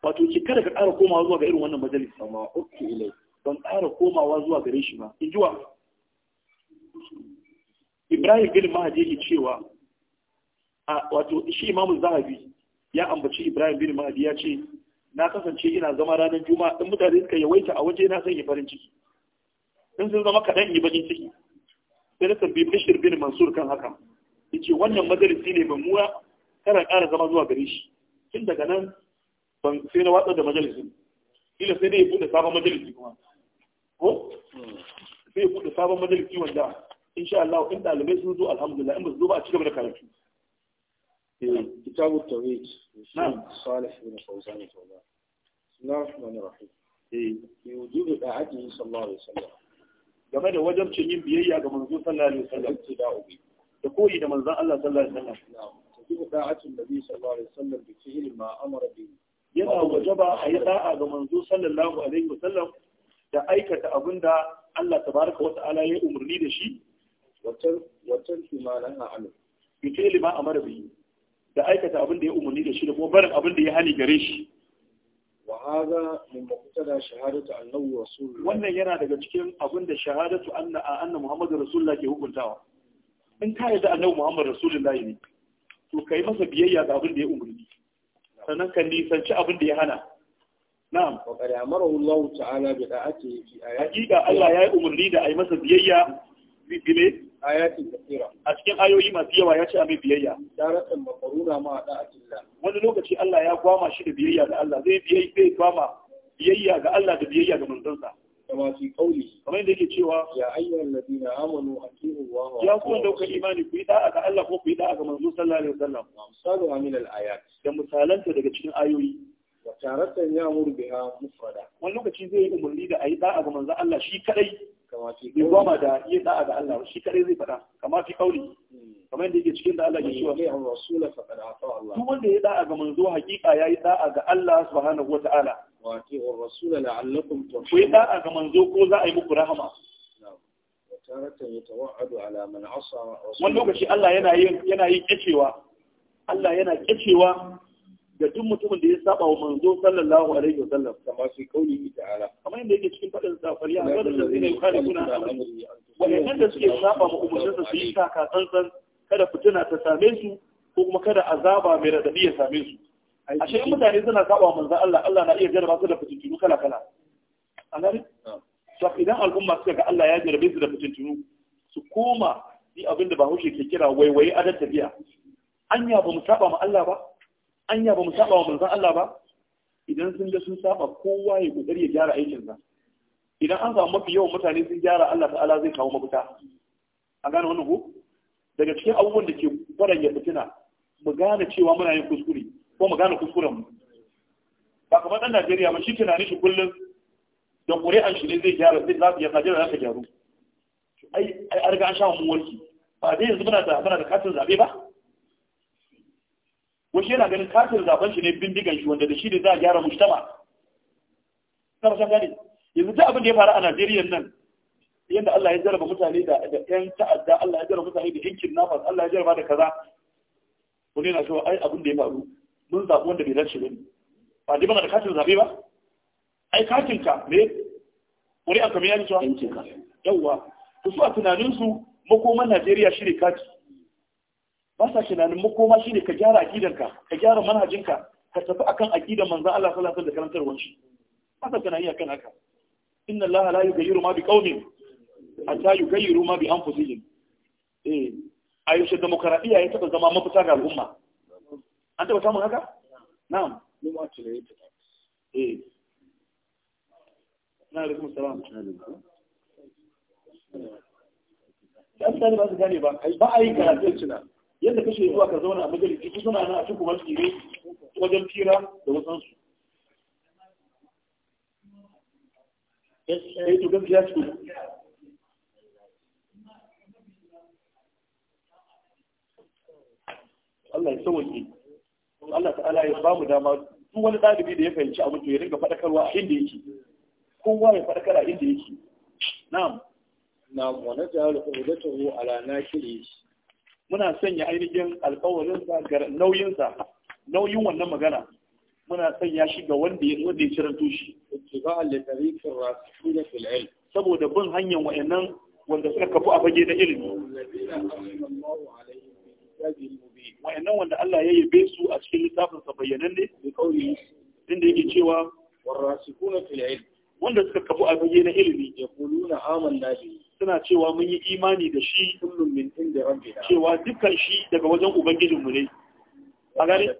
wato ki kada ka ƙara komawa zuwa ga irin wannan majalisi amma ukki ilai ban ƙara komawa zuwa gare shi ba in jiwa Ibrahim bin Mahdi yake cewa wato shi imamu zahabi ya ambaci ibrahim bin mahdi ya ce na kasance ina zama ranar juma'a in mutane suka yawaita a waje na san yi farin ciki in sun zama kaɗan yi bakin ciki sai na tambayi bashir bin mansur kan haka Ya ce wannan majalisi ne ban mura kana ƙara zama zuwa gare shi tun daga nan ban sai na watsar da majalisin ila sai dai ya buɗe sabon majalisi kuma ko sai ya buɗe sabon majalisi wanda insha Allah in ɗalibai sun zo alhamdulillah in ba su zo ba a cigaba da karatu كتاب التوحيد نعم صالح بن فوزان الفوزان بسم الله الرحمن الرحيم في وجوب طاعته صلى الله عليه وسلم game da wajabcin yin biyayya ga manzo sallallahu alaihi wasallam da koyi da manzon Allah sallallahu alaihi wasallam tafi da'atin nabi sallallahu alaihi wasallam bi fi'li ma amara bi yana wajaba a yi da'a ga manzo sallallahu alaihi wasallam da aikata abinda Allah tabaraka wa ta'ala ya umarni da shi watan watan imanaha alu bi fi'li ma amara bi da aikata abin da ya umarni da shi da kuma barin abin da ya hani gare shi wa hadha min muqtada shahadatu annahu rasulullah wannan yana daga cikin abin da shahadatu anna anna muhammadu rasulullah ke hukuntawa in ka yarda annabi muhammad rasulullah ne to kai masa biyayya ga abin da ya umarni sannan ka nisanci abin da ya hana na'am wa qad amara Allah ta'ala bi da'ati fi ayati hakika Allah ya yi umarni da ai masa biyayya bi ayatin kasira a cikin ayoyi masu yawa ya ce a mai biyayya daratan makaruna ma da akilla wani lokaci Allah ya gwama shi da biyayya ga Allah zai biyayya zai gwama biyayya ga Allah da biyayya ga manzonsa kama fi kauli kamar yadda yake cewa ya ayyuhal ladina amanu atiu wa ya ku da kuka imani ku yi da'a ga Allah ko ku yi da'a ga manzo sallallahu alaihi wasallam misalu amin al ayat da misalanta daga cikin ayoyi wa taratan ya murbiha mufrada wani lokaci zai yi umarni da ayi da'a ga manzo Allah shi kadai Rigwama da yi da'a ga Allah shi kare zai faɗa kama fi kauli kamar yadda yake cikin da Allah ke cewa duk wanda ya da'a ga manzo hakika yayi da'a ga Allah subhanahu wata'ala wa ati'ur ku yi da'a ga manzo ko za a yi muku rahama wani lokaci Allah yana yin yana yin Allah yana kecewa ga duk mutumin da ya saba wa manzo sallallahu alaihi sallam kamar fi kauli ta'ala kama inda yake cikin fadin safari ya ga da zai kare kuna amri wannan da suke saba ma umarnin sa su yi taka tsantsan kada fitina ta same su ko kuma kada azaba mai radadi ya same su a shi mutane suna saba wa manzo Allah Allah na iya jarraba su da fitintunu kala kala an to idan al'umma suka ga Allah ya jarrabe su da fitintunu su koma yi abin da Bahaushe ke kira waiwaye adar tafiya anya ba mu saba ma Allah ba anya ba mu saba wa manzon Allah ba idan sun ga sun saba kowa ya kokari ya gyara aikin sa idan an samu mafi yawan mutane sun gyara Allah ta'ala zai kawo mafita a gane wannan ko daga cikin abubuwan da ke ya fitina mu gane cewa muna yin kuskure ko mu gane kuskuren mu ba kamar dan Najeriya ba shi tunanin shi kullum da ƙuri'an shi ne zai gyara zai za ya Najeriya za ta gyaru ai ai an riga an sha mu warki ba dai yanzu muna da muna da katin zabe ba wasu yana ganin kafin zaben shi ne bindigan shi wanda da shi ne za a gyara mujtama na fashin gani yanzu duk abin da ya faru a najeriya nan yadda allah ya jarraba mutane da yan ta'adda allah ya jarraba mutane da yankin nafas, allah ya jarraba da kaza wani na cewa ai abin da ya faru mun zaɓi wanda bai dace ba ne ba dai bana da katin zaɓe ba ai katin ka me wani aka mai yanci wa yawwa to su a tunaninsu makoman najeriya shi ne kati ba sa tunanin shi ne ka gyara aqidanka ka gyara manhajinka ka tafi akan aqidan manzon Allah sallallahu alaihi wasallam da karantarwar shi ba sa tunani akan haka inna Allah la yughayyiru ma biqaumin hatta yughayyiru ma bi anfusihim eh a yaushe demokradiya ya taba zama mafita ga al'umma an taba samun haka na'am ni ma tunani eh na alaikum salam da ba su gane ba ba a yi karatun cina yadda kashe zuwa ka zauna a majalisi ku suna na a cikin kuma tsire wajen fira da wasansu eh, su Allah ya sauke Allah ta'ala ya ba mu dama duk wani ɗalibi da ya fahimci abin to ya ringa faɗakarwa a inda yake kowa ya faɗakar a inda yake na'am na wani ko da kuma ala na shi muna sanya ainihin alkawarinsa ga nauyinsa nauyin wannan magana muna sanya shi ga wanda ya wanda ya ciranto shi ittiba'a li tariqir rasikhin fil ilm saboda bin hanyar wayannan wanda suka kafu a fage da ilimi wayannan wanda Allah ya yabe su a cikin littafin sa bayyanan ne da kauli inda yake cewa warasikuna fil ilm wanda suka kafu a fage na ilimi yaquluna amanna bihi suna cewa mun yi imani da shi kullum min inda rabbi cewa dukkan shi daga wajen ubangijin mu ne a gare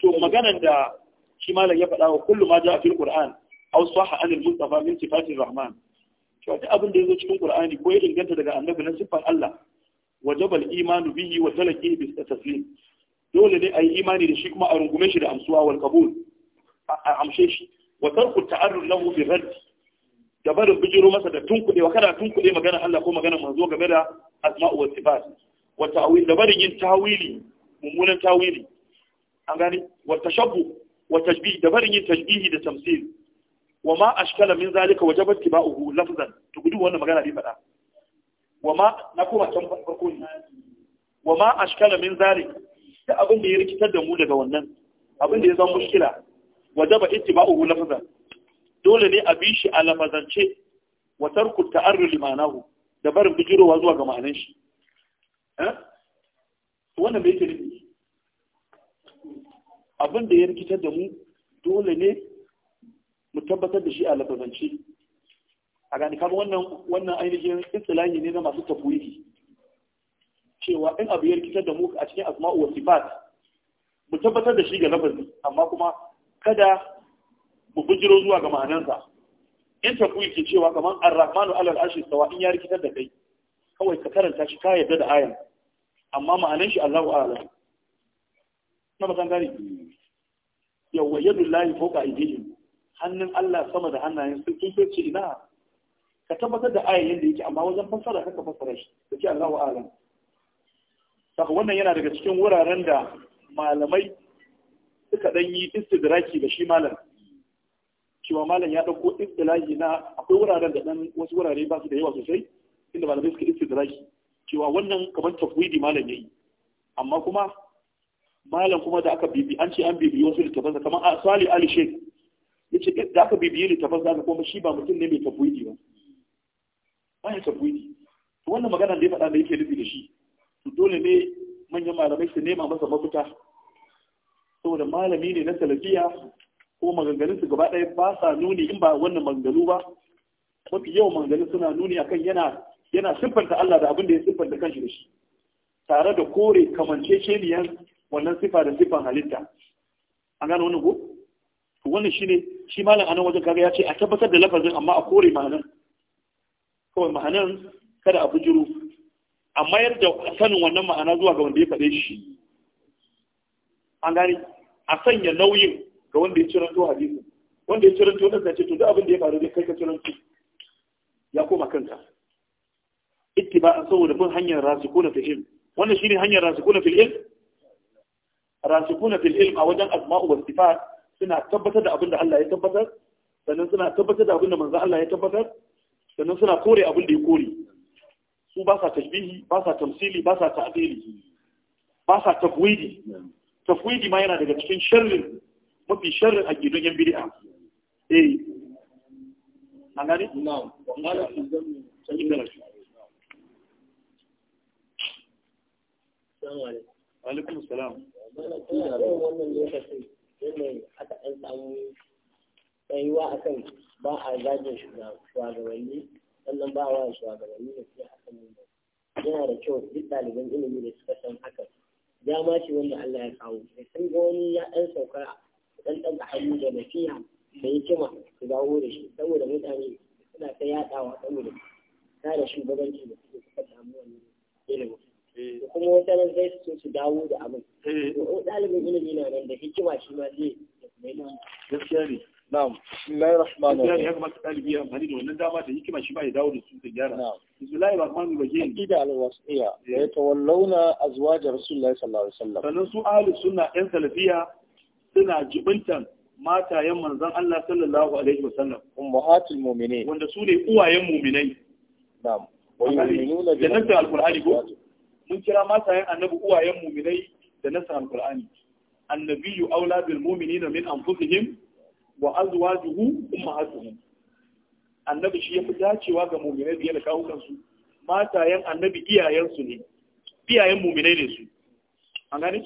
to maganar da shi malam ya faɗa wa kullu ma ja'a fil qur'an aw sahha an al mustafa min sifatir rahman cewa duk abin da yazo cikin qur'ani ko ya inganta daga annabi na siffar Allah wajaba al imanu bihi wa talaqi bi taslim dole ne a yi imani da shi kuma a rungume shi da amsuwa wal qabul a amshe shi wa tarku ta'arrud lahu bi raddi da barin bijiro masa da wa kana tunkuɗe magana Allah ko magana manzo game da asma'u wa sifat wa ta'wil da barin yin tawili mummunan tawili an gani wa tashabbu wa tajbih da barin yin tajbihi da tamsil wa ma ashkala min zalika wajaba tibauhu lafzan to gudu wannan magana dai faɗa wa ma na koma can farko ne wa ma ashkala min zalika da abin da ya rikitar da mu daga wannan abin da ya zama mushkila wajaba ittiba'uhu lafzan dole ne a bi shi a lamazance wa ku ta'arru limanahu da barin bijirowa zuwa ga ma'anan shi eh wannan me yake abin da ya rikitar da mu dole ne mu tabbatar da shi a lafazance a gani kama wannan wannan ainihin istilahi ne na masu tafwidi cewa in abu ya rikitar da mu a cikin asma'u wa sifat mu tabbatar da shi ga lafazi amma kuma kada mu bujiro zuwa ga ma'anansa in tafi ke cewa kamar ar-rahmanu alal arshi sawa in ya rikitar da kai kawai ka karanta shi ka yadda da ayan amma ma'anan shi Allahu a'lam na ba gani yawa yadu lahi fawqa yi. hannun Allah sama da hannayen su sun ce ina ka tabbatar da ayan yadda yake amma wajen fassara kaka fassara shi ke Allahu a'lam saka wannan yana daga cikin wuraren da malamai suka ɗan yi istidraki da shi malam cewa malam ya dauko istilahi na akwai wuraren da ɗan wasu wurare ba su da yawa sosai inda malamai suka istilahi cewa wannan kamar tafwidi malam ya yi. amma kuma malam kuma da aka bibi an ce an bibiyo su da tafasa. kamar a sali ali Sheik ya ce da aka bibiyi littafansa aka kuma shi ba mutum ne mai tafwidi ba ba ya tafwidi to wannan magana da ya faɗa da yake nufi da shi to dole ne manyan malamai su nema masa mafita saboda malami ne na salafiya ko maganganun su gaba ɗaya ba sa nuni in ba wannan maganganu ba mafi yawan maganganun suna nuni akan yana yana siffanta Allah da abin da ya siffanta kanshi da shi tare da kore kamanceceniyan wannan siffa da siffan halitta an gano wannan ko wannan shine shi malam anan wajen kaga ya ce a tabbatar da lafazin amma a kore ma'anan kawai ma'anan kada a bujuru a mayar da sanin wannan ma'ana zuwa ga wanda ya faɗe shi an gani a sanya nauyin ga wanda ya to hadisi wanda ya ciranto ɗan ce to duk abin da ya faru dai kai ka to ya koma kanka ittiba'a saboda bin hanyar rasikuna fil ilm wannan shine hanyar rasikuna fil ilm rasikuna fil ilm a wajen asma'u wa sifat suna tabbatar da abin da Allah ya tabbatar sannan suna tabbatar da abin da manzo Allah ya tabbatar sannan suna kore abin da ya kore su ba sa tashbihi ba sa tamsili ba sa ta'dili ba sa tafwidi tafwidi ma yana daga cikin sharri mafi sharrin a gidan yan bid'a eh an gani fi akan ba a zagin shugabanni sannan ba wa shugabanni da suke akan mu yana da kyau duk ɗaliban ilimi da suka san haka dama mace wanda Allah ya kawo da wani ya ɗan sauka dan dan hannu da nasiha da hikima su dawo da shi saboda mutane suna ta yaɗawa saboda da shugabanci da suke suka samu wannan ilimin eh. kuma wata nan zai so su dawo da abin eh. ɗalibin ilimi na nan da hikima shi ma zai gaskiya ne na'am bismillahir rahmanir rahim ya kamata dalibi ya amfani da wannan dama da hikima shi ba ya dawo da su da gyara bismillahir rahmanir rahim aqida al-wasiya eh. ya tawallawna azwaj rasulullahi sallallahu alaihi wasallam sannan su ahlus sunna ɗan salafiya suna jibintan matayen manzon Allah sallallahu alaihi wasallam ummahatul mu'minin wanda su ne uwayen mu'minai na'am wa yu'minuna bi nasr al-qur'ani ko mun kira matayen annabi uwayen mu'minai da nasr al-qur'ani annabiyyu aula bil mu'minina min anfusihim wa azwajuhu ummahatuhum annabi shi ya fita dacewa ga mu'minai da ya kawo kansu matayen annabi iyayensu ne iyayen mu'minai ne su an gane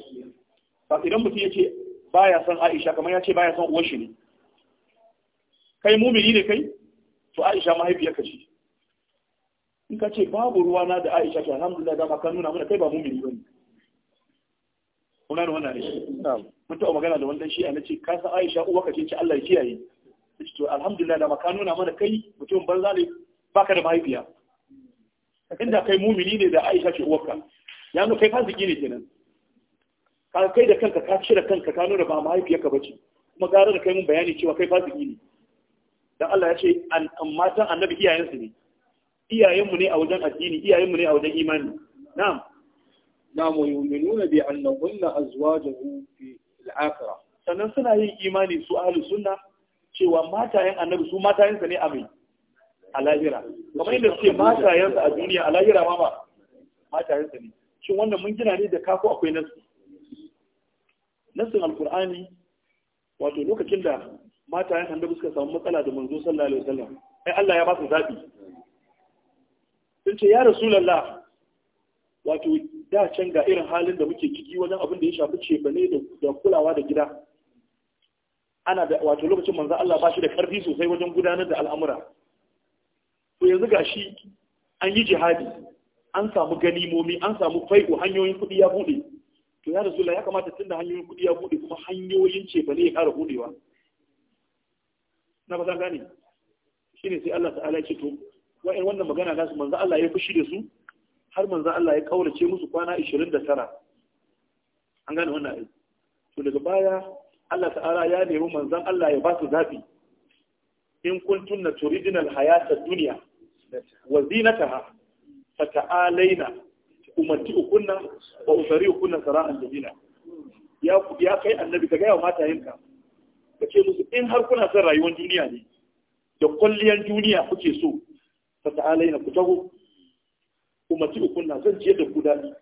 ba idan mutum ya ce baya son Aisha kamar ya ce baya son uwar shi ne kai mumini ne kai to Aisha ka ce in ka ce babu ruwa na da Aisha ke alhamdulillah dama ka nuna mana kai ba mumini ne. kuna wannan ne mun taɓa magana da wannan shi'a nace ka san Aisha uwa ka ce ci Allah ya kiyaye to alhamdulillah dama ka nuna mana kai mutum banza ne baka da mahaifiya inda kai mumini ne da Aisha ce uwarka ya nuna kai fasiki ne kenan ka kai da kanka ka cire kanka ka nuna ba mahaifiyarka bace kuma gara da kai mun bayani cewa kai fasiki ne dan Allah ya ce an matan annabi iyayensu ne iyayenmu ne a wajen addini iyayenmu ne a wajen imani na'am na mu yu'minuna bi annahunna azwajuhu fi al-akhirah sannan suna yin imani su ahli sunna cewa matayen annabi su matayensa ne a mai a lahira kamar yadda suke matayensa a duniya a lahira ma ba matayensa ne shin wannan mun gina ne da kafo akwai nasu nassin alkur'ani wato lokacin da mata ya sanda suka samu matsala da manzo sallallahu alaihi wasallam ai Allah ya ba su zabi sun ce ya rasulullah wato da can ga irin halin da muke ciki wajen abin da ya shafi ce bane da kulawa da gida ana da wato lokacin manzo Allah ba shi da karfi sosai wajen gudanar da al'amura to yanzu gashi an yi jihadi an samu ganimomi an samu fai'u hanyoyin kuɗi ya buɗe to ya rasu ya kamata tun da hanyoyin kuɗi ya buɗe kuma hanyoyin ce ba ne ya ƙara buɗewa na ba gane shi ne sai Allah ta'ala ce to wa'in wannan magana su manzo Allah ya fushi da su har manzo Allah ya kaurace musu kwana 29 an gane wannan ai to daga baya Allah ta'ala ya nemi manzon Allah ya ba su zafi in kuntum na turidinal hayatar dunya wa zinataha fata'alaina umatti ukunna wa usari ukunna sara'an jamila ya ya kai annabi ka gaya wa matayenka ka ce musu in har kuna son rayuwar duniya ne da kwalliyar duniya kuke so fa ta'ala yana ku taho umatti ukunna zan ciyar da ku dadi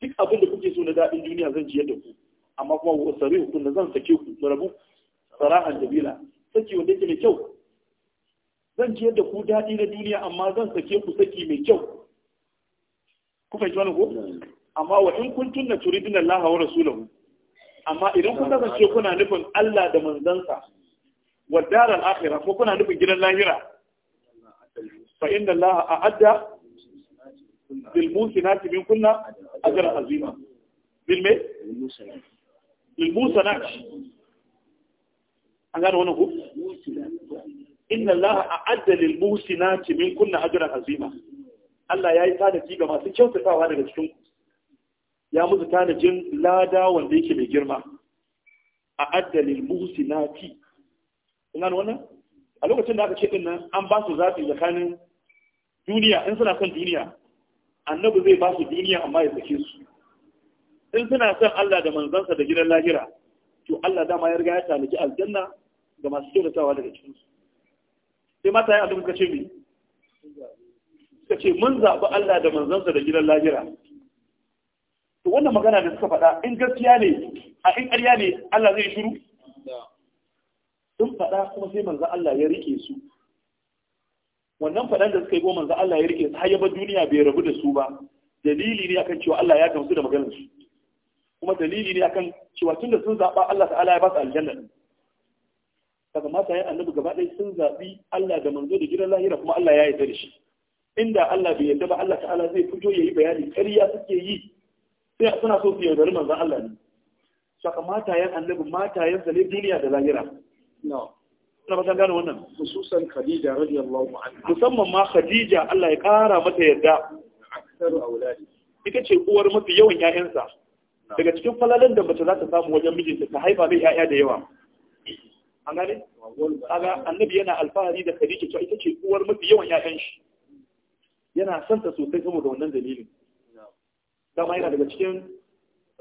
duk abin da kuke so na dadin duniya zan ciyar da ku amma kuma wa usari ukunna zan sake ku mu rabu sara'an jamila saki wanda yake mai kyau zan ciyar da ku dadi na duniya amma zan sake ku saki mai kyau ku fahimci wannan ko amma wa in kuntum na turidina Allah wa rasulahu amma idan kun kasance kuna nufin Allah da manzansa wa daral akhirah ko kuna nufin gidan lahira fa inna Allah a'adda lil musinati min kunna ajran azima bil me lil musinati an gano wannan ku inna Allah a'adda lil musinati min kunna ajran azima Allah ya yi tanaji ga masu kyautatawa daga cikin ya musu tanajin lada wanda yake mai girma a na muhsinati kun gano wannan a lokacin da aka ce dinnan an ba su zafi tsakanin duniya in suna son duniya annabu zai ba su duniya amma ya sake su in suna son Allah da manzansa da gidan lahira to Allah dama ya riga ya tanaji aljanna ga masu kyautatawa daga cikin su sai mata ya annabi ka ce me suka ce mun zaɓi Allah da manzansa da gidan lahira to wannan magana da suka faɗa in gaskiya ne a in ƙarya ne Allah zai shiru sun faɗa kuma sai manzan Allah ya rike su wannan faɗan da suka yi goma manzan Allah ya rike su har yaba duniya bai rabu da su ba dalili ne akan cewa Allah ya gamsu da maganar su kuma dalili ne akan cewa tun da sun zaɓa Allah ta'ala ya ba su aljanna daga mata yin annabi gaba ɗaya sun zaɓi Allah da manzo da gidan lahira kuma Allah ya yarda da shi inda Allah bai yarda ba Allah ta'ala zai fito yayi bayani ƙarya suke yi sai suna so su yaudari manzon Allah ne saka matayen annabi matayen sa ne duniya da lahira na fatan gane wannan mususan khadija radiyallahu anha musamman ma khadija Allah ya kara mata yarda aksaru auladi ita ce uwar mafi yawan ƴaƴansa daga cikin falalan da mace za ta samu wajen mijinta ta haifa mai ƴaƴa da yawa an gane kaga annabi yana alfahari da khadija cewa ita ce uwar mafi yawan ƴaƴan shi yana ta sosai saboda wannan dalilin dama yana daga cikin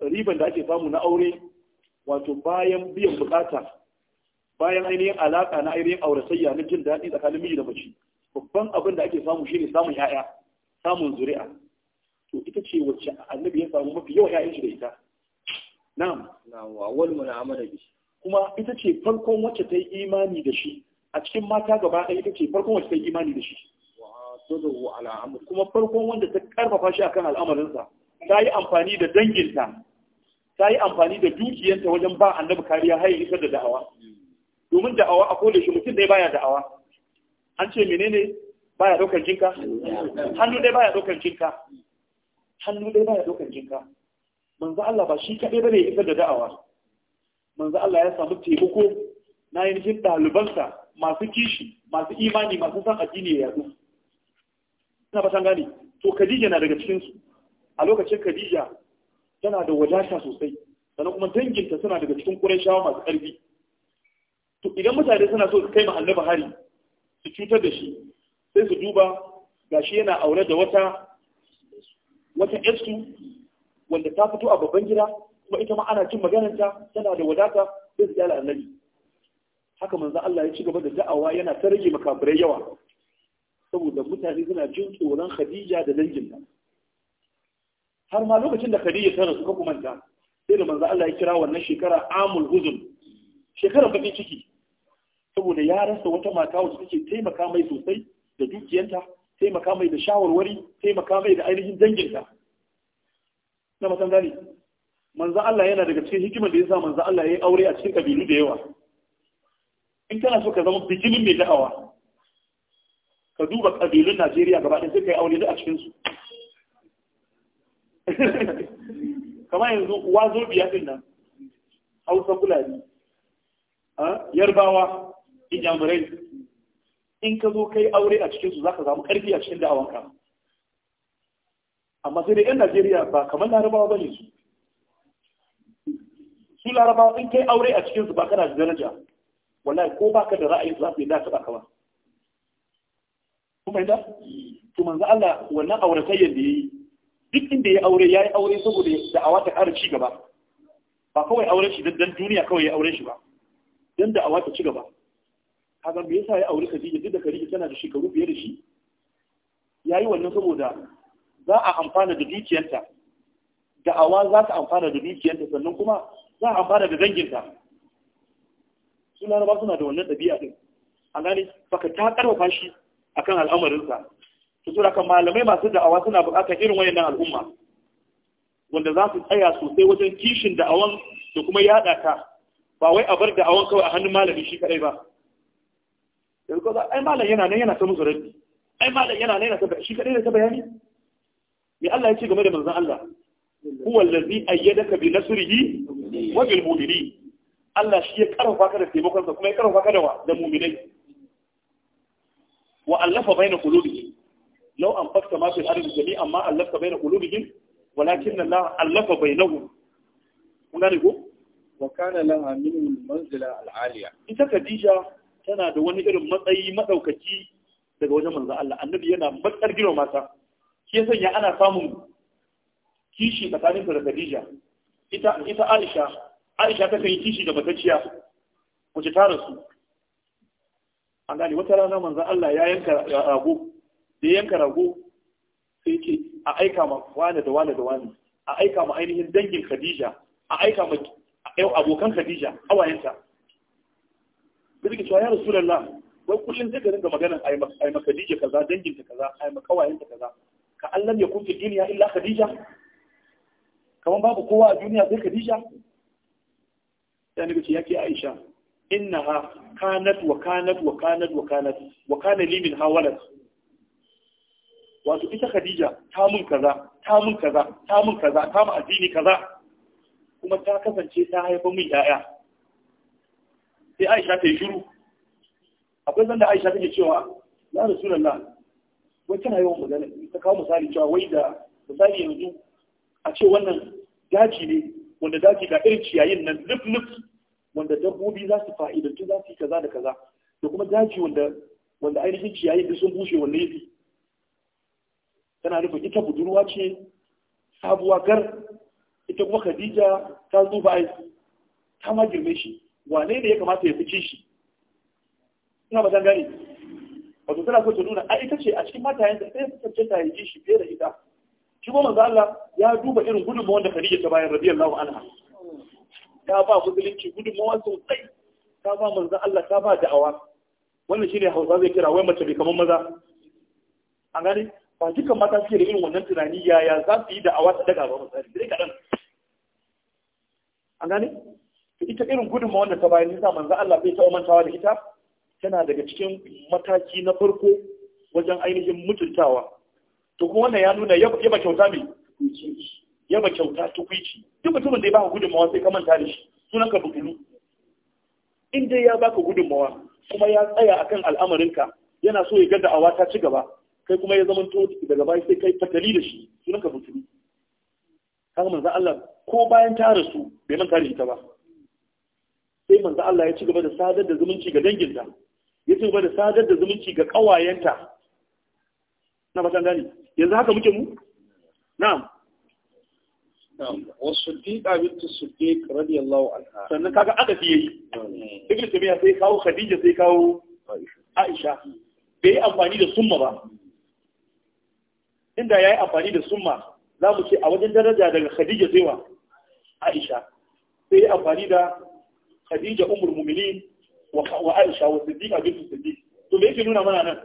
riban da ake samu na aure wato bayan biyan bukata bayan ainihin alaka na ainihin auratayya na jin daɗi tsakanin miji da mace babban abin da ake samu shine samun ya'ya samun zuri'a to ita ce wacce annabi ya samu mafi yawa ya'yan shi da ita na'am na'am wal mu'amala bi kuma ita ce farkon wacce ta yi imani da shi a cikin mata gaba ɗaya ita ce farkon wacce ta yi imani da shi sadahu ala amr kuma farkon wanda ta karfafa shi akan al'amarinsa ta yi amfani da danginta ta yi amfani da dukiyanta wajen ba annabi kariya har isar da da'awa domin da'awa a koda shi mutum dai baya da'awa an ce menene baya daukar jinka hannu dai baya daukar jinka hannu dai baya daukar jinka manzo Allah ba shi kadai bane isar da da'awa manzo Allah ya samu taimako na yin ɗalibansa masu kishi masu imani masu san addini ya yadu ina fatan gani to Khadija na daga cikin a lokacin Khadija tana da wadata sosai sannan kuma danginta suna daga cikin Qurayshawa masu ƙarfi to idan mutane suna so su kai ma buhari su cutar da shi sai su duba gashi yana aure da wata wata esku wanda ta fito a babban gida kuma ita ma ana cin maganarta tana da wadata sai su kyala Annabi haka manzo Allah ya ci gaba da da'awa yana ta rage makafirai yawa saboda mutane suna jin tsoron khadija da danginta har ma lokacin da khadija ta rasu ka kumanta sai da manzo Allah ya kira wannan shekara amul huzun shekarar bakin ciki saboda ya rasa wata mata wacce take taimaka mai sosai da dukiyanta taimaka mai da shawarwari taimaka mai da ainihin danginta na matan gani manzo Allah yana daga cikin hikimar da yasa manzo Allah ya yi aure a cikin kabilu da yawa in kana so ka zama bijimin mai da'awa ka duba ƙabilun Najeriya gaba ɗaya suka kai aure da a cikin su *laughs* kamar yanzu zo biya ɗin nan Hausa Fulani Yarbawa Inyamurai in ka zo kai aure a cikin su ka samu ƙarfi a cikin da'awanka amma sai dai 'yan Najeriya ba kamar Larabawa ne su su Larabawa in kai aure a cikin su ba kana da daraja wallahi ko baka da ra'ayi za su yi da ka ba kuma inda to manzo Allah wannan auratayyar da yayi duk inda ya aure yayi aure saboda da awa ta ƙara ci gaba ba kawai aure shi dan duniya kawai ya aure shi ba dan awa ta ci gaba kaga me yasa ya aure Khadija duk da Khadija tana da shekaru biyar da shi yayi wannan saboda za a amfana da dukiyarta awa za ta amfana da dukiyarta sannan kuma za a amfana da danginta su laraba suna da wannan ɗabi'a ɗin a gane baka ta ƙarfafa shi akan al'amarinsa su tura kan malamai masu da'awa suna bukatar irin wayannan al'umma wanda za su tsaya sosai wajen kishin da'awan da kuma yada ta ba wai a bar da'awan kawai a hannun malami shi kadai ba yanzu ko ai malam yana nan yana ta musu raddi ai malam yana nan yana ta shi kaɗai ne ta bayani me Allah ya ce game da manzon Allah huwa allazi ayyadaka bi nasrihi wa bil mu'minin Allah shi ya karfafa ka da taimakon sa kuma ya karfafa ka da wa da mu'minai wa allafa baina qulubihim law anfaqta ma fil ardi jami'an ma baina qulubihim walakin Allah allafa bainahum kun gane ko wa kana laha min ita Khadija tana da wani irin matsayi madaukaki daga wajen manzo Allah annabi yana matsar gino mata shi yasa ya ana samun kishi tsakanin da Khadija ita Aisha Aisha ta kishi da mataciya wace ta rasu an gane wata rana manzo Allah ya yanka rago da yanka rago sai ce a aika ma wane da wane da wane a aika ma ainihin dangin Khadija a aika ma abokan Khadija awayenta sai cewa ya Rasulullah wai kullum zai dinga magana ai ma Khadija kaza danginta kaza ai ma kawayenta kaza ka Allah ya kunta duniya illa Khadija kamar babu kowa a duniya sai Khadija ya nake ce yake Aisha innaha kanat wa kanat wa kanat wa kanat wa kana li min wato ita Khadija ta mun kaza ta mun kaza ta mun kaza ta mu addini kaza kuma ta kasance ta haifar min yaya sai Aisha ta yi shiru akwai sanda Aisha take cewa ya Rasulullah wai tana yawan magana ta kawo misali cewa wai da misali yanzu a ce wannan daji ne wanda daji ga irin ciyayin nan lif lif wanda dabbobi za su fa'idantu za su yi kaza da kaza da kuma daji wanda wanda ainihin ciyayi duk sun bushe wanne yafi tana nufin ita budurwa ce sabuwa gar ita kuma Khadija ta zo ba ta ma girme shi wane ne ya kamata ya fice shi ina ba gane wato tana so ta nuna a ita ce a cikin matayen da sai ta ta yi shi fiye da ita shi kuma manzo Allah ya duba irin gudunmawar da Khadija ta bayar radiyallahu anha ta ba musulunci gudunmawa sosai ta ba manzan Allah ta ba da'awa wannan shine hausa zai kira wai mace bai kamar maza an gani, ba duka mata suke da irin wannan tunani yaya za su yi da'awa ta daga ba misali sai kaɗan an gane ita irin gudunma wanda ta bayan nisa manzan Allah bai taɓa mantawa da ita tana daga cikin mataki na farko wajen ainihin mutuntawa to kuma wannan ya nuna yaba kyauta mai yaba kyauta tukwici duk mutumin da ya baka gudunmawa sai ka manta da shi sunan ka butulu in dai ya baka gudunmawa kuma ya tsaya akan al'amarinka yana so ya ga awa ta ci gaba kai kuma ya zama to daga baya sai kai fatali da shi sunan ka butulu kaga manzo Allah ko bayan ta rasu bai manta da shi ta ba sai manzo Allah ya ci gaba da sadar da zumunci ga danginta ya ci gaba da sadar da zumunci ga kawayenta na fatan gani yanzu haka muke mu na'am Wasu والصديقة بنت الصديق رضي الله عنها sannan kaga aka fiye yi ibn tabiya sai kawo khadija sai kawo aisha bai yi amfani da summa ba inda ya yi amfani da summa za mu ce a wajen daraja daga khadija sai wa aisha sai yi amfani da khadija ummul mu'minin wa aisha wasu wa siddiqa bint siddiq to me yake nuna mana nan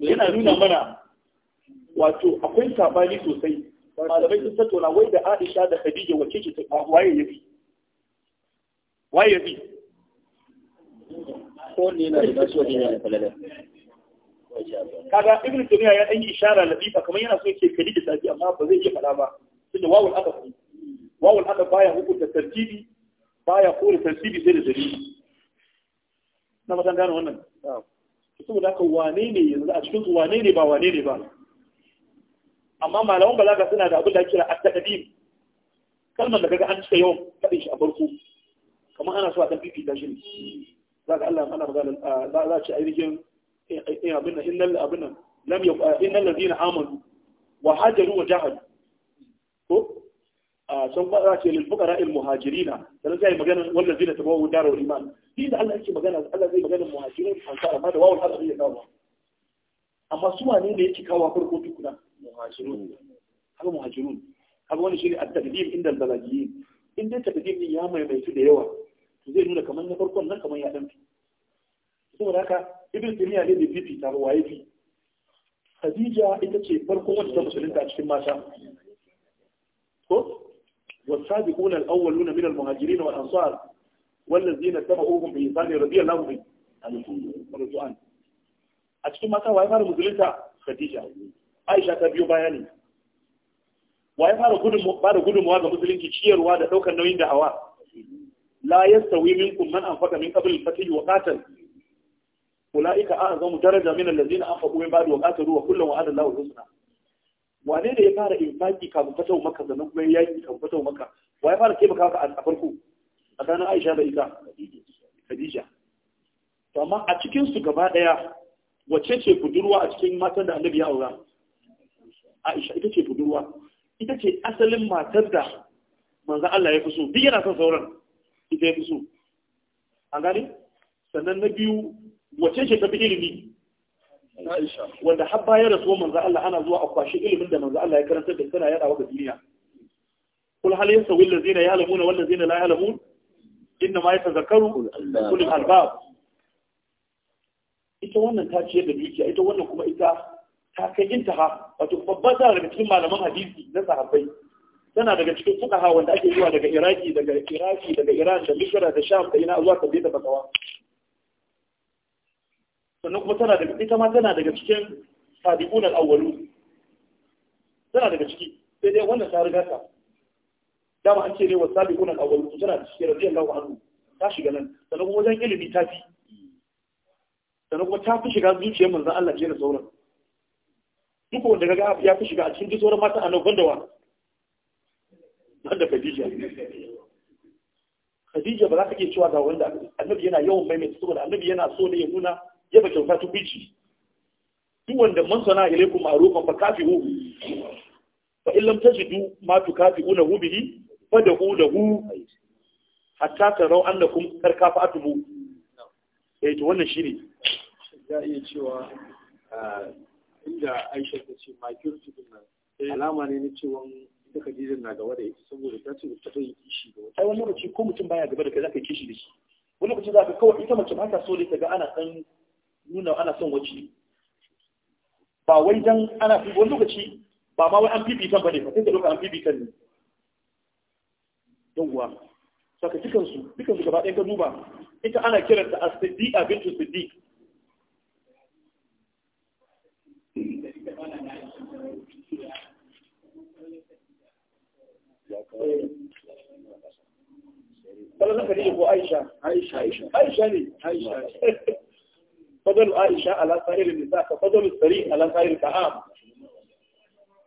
yana nuna mana wato akwai sabani sosai malamai sun tattauna wai da Aisha da Khadija wace ce ta waye yafi waye yafi ko ne na da so ne na falala kaga ibnu tumiya ya dan yi ishara lafifa kamar yana so yake Khadija ta fi amma ba zai iya fada ba tunda wawul aka wawul aka baya hukunta tartibi baya kore tartibi sai da dalili na matan gano wannan saboda haka wane ne yanzu a cikin wane ne ba wane ne ba amma malaman balaga suna da abin da kira at-taqdim kalmar da kaga an cika yawan kadin shi a farko kamar ana so a san fifita shi ne zaka Allah ana magana za a ci ainihin in eh, eh, eh, abin nan innal abin nan lam yaq innal ladina amanu wa hajaru wa jahadu ko a san ba za ce lil fuqara al muhajirina sanan sai magana wal ladina tabawwa'u daru al iman din da Allah yake magana Allah zai magana muhajirin ansar amma da wawul arabiyya kawo amma su ne ne yake kawo farko tukuna muhajirun haka muhajirun haka wani shi ne at inda al inda in dai taqdim ya maimaitu da yawa to zai nuna kamar na farkon nan kamar ya dan saboda haka ibn taymiya ne da bibi ta waye fi khadija ita ce farkon wacce ta musulunta a cikin mata ko والسابقون الأولون من المهاجرين والأنصار والذين اتبعوهم بإحسان رضي الله عنهم الرضوان a cikin mata waye fara musulunta Khadija aisha ta biyo baya ne wa ya fara bada gudunmuwa ga musulunci ciyarwa da ɗaukar nauyin da hawa la yastawi minkum man anfaqa min qabl al-fatih wa qatal ulaika a'zamu daraja min allazina anfaqu min ba'd wa qatalu wa kullu wa'ada Allahu al-husna wane ne ya fara infaki kafin fatawa maka sannan kuma yaki kafin fatawa maka wa ya fara taimaka maka a farko tsakanin Aisha da ita Khadija to amma a cikin su gaba daya wace ce budurwa a cikin matan da Annabi ya aura Aisha ita ce budurwa ita ce asalin matar da manzan Allah ya fi so duk yana son sauran ita ya fi so an gani? sannan na biyu wace ce ta fi ilimi wanda har bayan rasuwa manzan Allah ana zuwa a kwashe ilimin da manzan Allah ya karanta da tana yada wa duniya kul hal yasawi allazina ya'lamuna wal ladzina la ya'lamun inna ma yatazakkaru ulul albab ita wannan ta ciyar da dukiya ita wannan kuma ita ta ha intaha wato babban tana daga cikin malaman hadisi na sahabbai tana daga cikin ha wanda ake zuwa daga iraki daga iraki daga iran da misra da sham da ina zuwa kabe da bakawa sannan kuma tana daga ita ma tana daga cikin sabiqun al-awwalun tana daga ciki sai dai wannan ta riga ta dama an ce ne wa sabiqun al tana da cikin radiyallahu hannu? ta shiga nan sannan kuma wajen ilimi ta fi sannan kuma ta fi shiga zuciyar manzon Allah ce da sauran duk wanda gaga ya fi shiga a cikin duk sauran a nan banda wa banda Khadija Khadija ba za ka iya cewa ga wanda annabi yana yawan maimaita saboda annabi yana so ne ya nuna ya ba kyauta bici duk wanda man sana ilaikum ma'rufan fa hu fa in lam tajidu ma tukafihuna hu bihi da hu hatta tarau annakum karkafa atubu eh to wannan shine za iya cewa ah, inda aisha ta ce makin cikin nan alama ne na cewa ita khadijar na gaba da ita saboda ta ce ta yi kishi da wata ai wani lokaci ko mutum baya gaba da kai zaka yi kishi da shi wani lokaci za ka kawai ita mace ba ta so ne ta ga ana dan nuna ana son wace ba wai dan ana fi wani lokaci ba ma wai an bitan ba ne ba sai da lokacin an bitan ne yawwa saka dukansu dukansu gaba ɗaya ka duba ita ana kiranta as-siddiqa bintu siddiq Falalar Khadija ko Aisha? Aisha, Aisha. Aisha ne? Aisha. Aisha *laughs* ala sa'ir nisa ka fadalu sari ala sa'ir ta'am.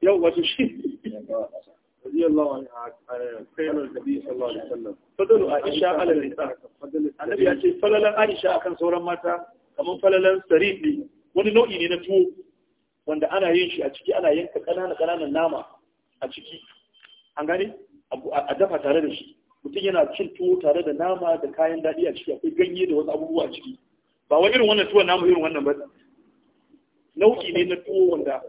Yau wato shi. رضي Aisha عنه خير النبي ya ce falalan Aisha akan sauran mata kamar falalan sarid ne wani nau'i ne na tuwo wanda ana yin shi a ciki ana yanka ƙananan ƙananan nama a ciki an gane a dafa tare da shi mutum yana cin tuwo tare da nama da kayan daɗi a ciki akwai ganye da wasu abubuwa a ciki ba wa irin wannan tuwon namu irin wannan ba nau'i ne na tuwo wanda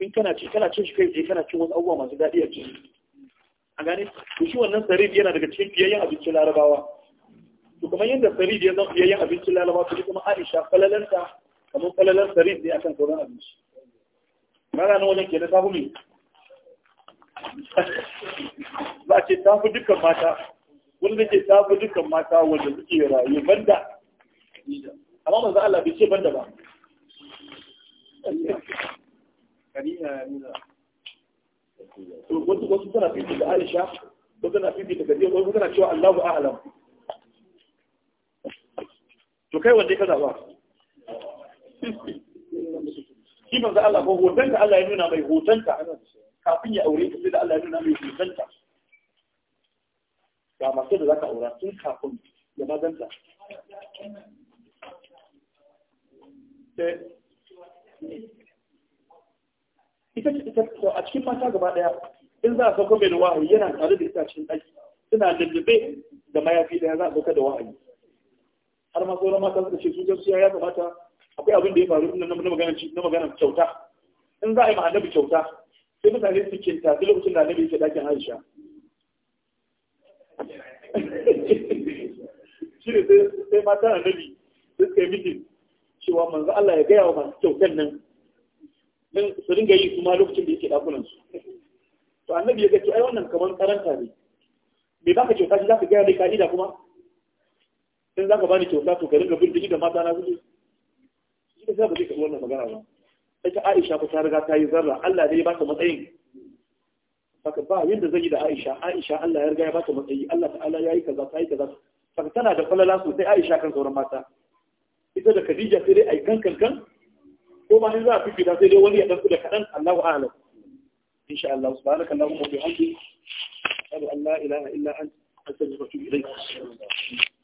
in kana ci kana cin shi kai je kana cin wasu abubuwa masu daɗi a ciki an gane to shi wannan sarif yana daga cikin fiyayyen abincin larabawa to kamar yadda sarif ya zama fiyayyen abincin larabawa to kuma aisha falalanta kamar falalan sarif ne akan sauran abinci Mara na wajen ke ta sabu mai za ce ta fi dukkan mata wani da ke ta fi dukkan mata wanda suke rayu banda amma za Allah bai ce banda ba wasu wasu suna fi da Aisha wasu suna fi da gaje wasu suna cewa Allahu a'lam to kai wanda ka zaba shi za Allah ko hoton da Allah ya nuna mai hoton ta kafin ya aure ta sai da Allah ya nuna mai kusanta ga masu da zaka aura tun kafin ya maganta eh. ita ce ita a cikin mata gaba daya in za a sauka mai da wahayi yana tare da ita cikin ɗaki suna lullube da mayafi ya za a sauka da wahayi har ma sauran mata suka ce su gaskiya ya kamata akwai abin da ya faru na magana kyauta in za a yi ma annabi kyauta sai mutane su kinta duk lokacin da annabi ke dakin aisha shi ne sai matan annabi sai suka yi mitin cewa manzo Allah ya gaya wa masu kyautan nan nan su dinga yi kuma lokacin da yake dakunan su to annabi ya ga to ai wannan kamar karanta ne me baka kyauta shi zaka gaya mai ka'ida kuma in zaka bani kyauta to ka dinga bin da mata na gudu shi ne sai ba zai karɓi wannan magana ba ita Aisha ba ta riga ta yi zarra Allah ya ba ta matsayin saka ba yadda zai yi da Aisha Aisha Allah ya riga ya ba ta matsayi Allah ta'ala ya yi kaza ta yi kaza saka tana da falala sosai Aisha kan sauran mata ita da Khadija sai dai ai kan kan ko ba sai za a fifita sai dai wani ya dan da kadan Allahu a'lam insha Allah subhanaka Allahumma wa bihamdika ashhadu an la ilaha illa anta astaghfiruka wa atubu ilayk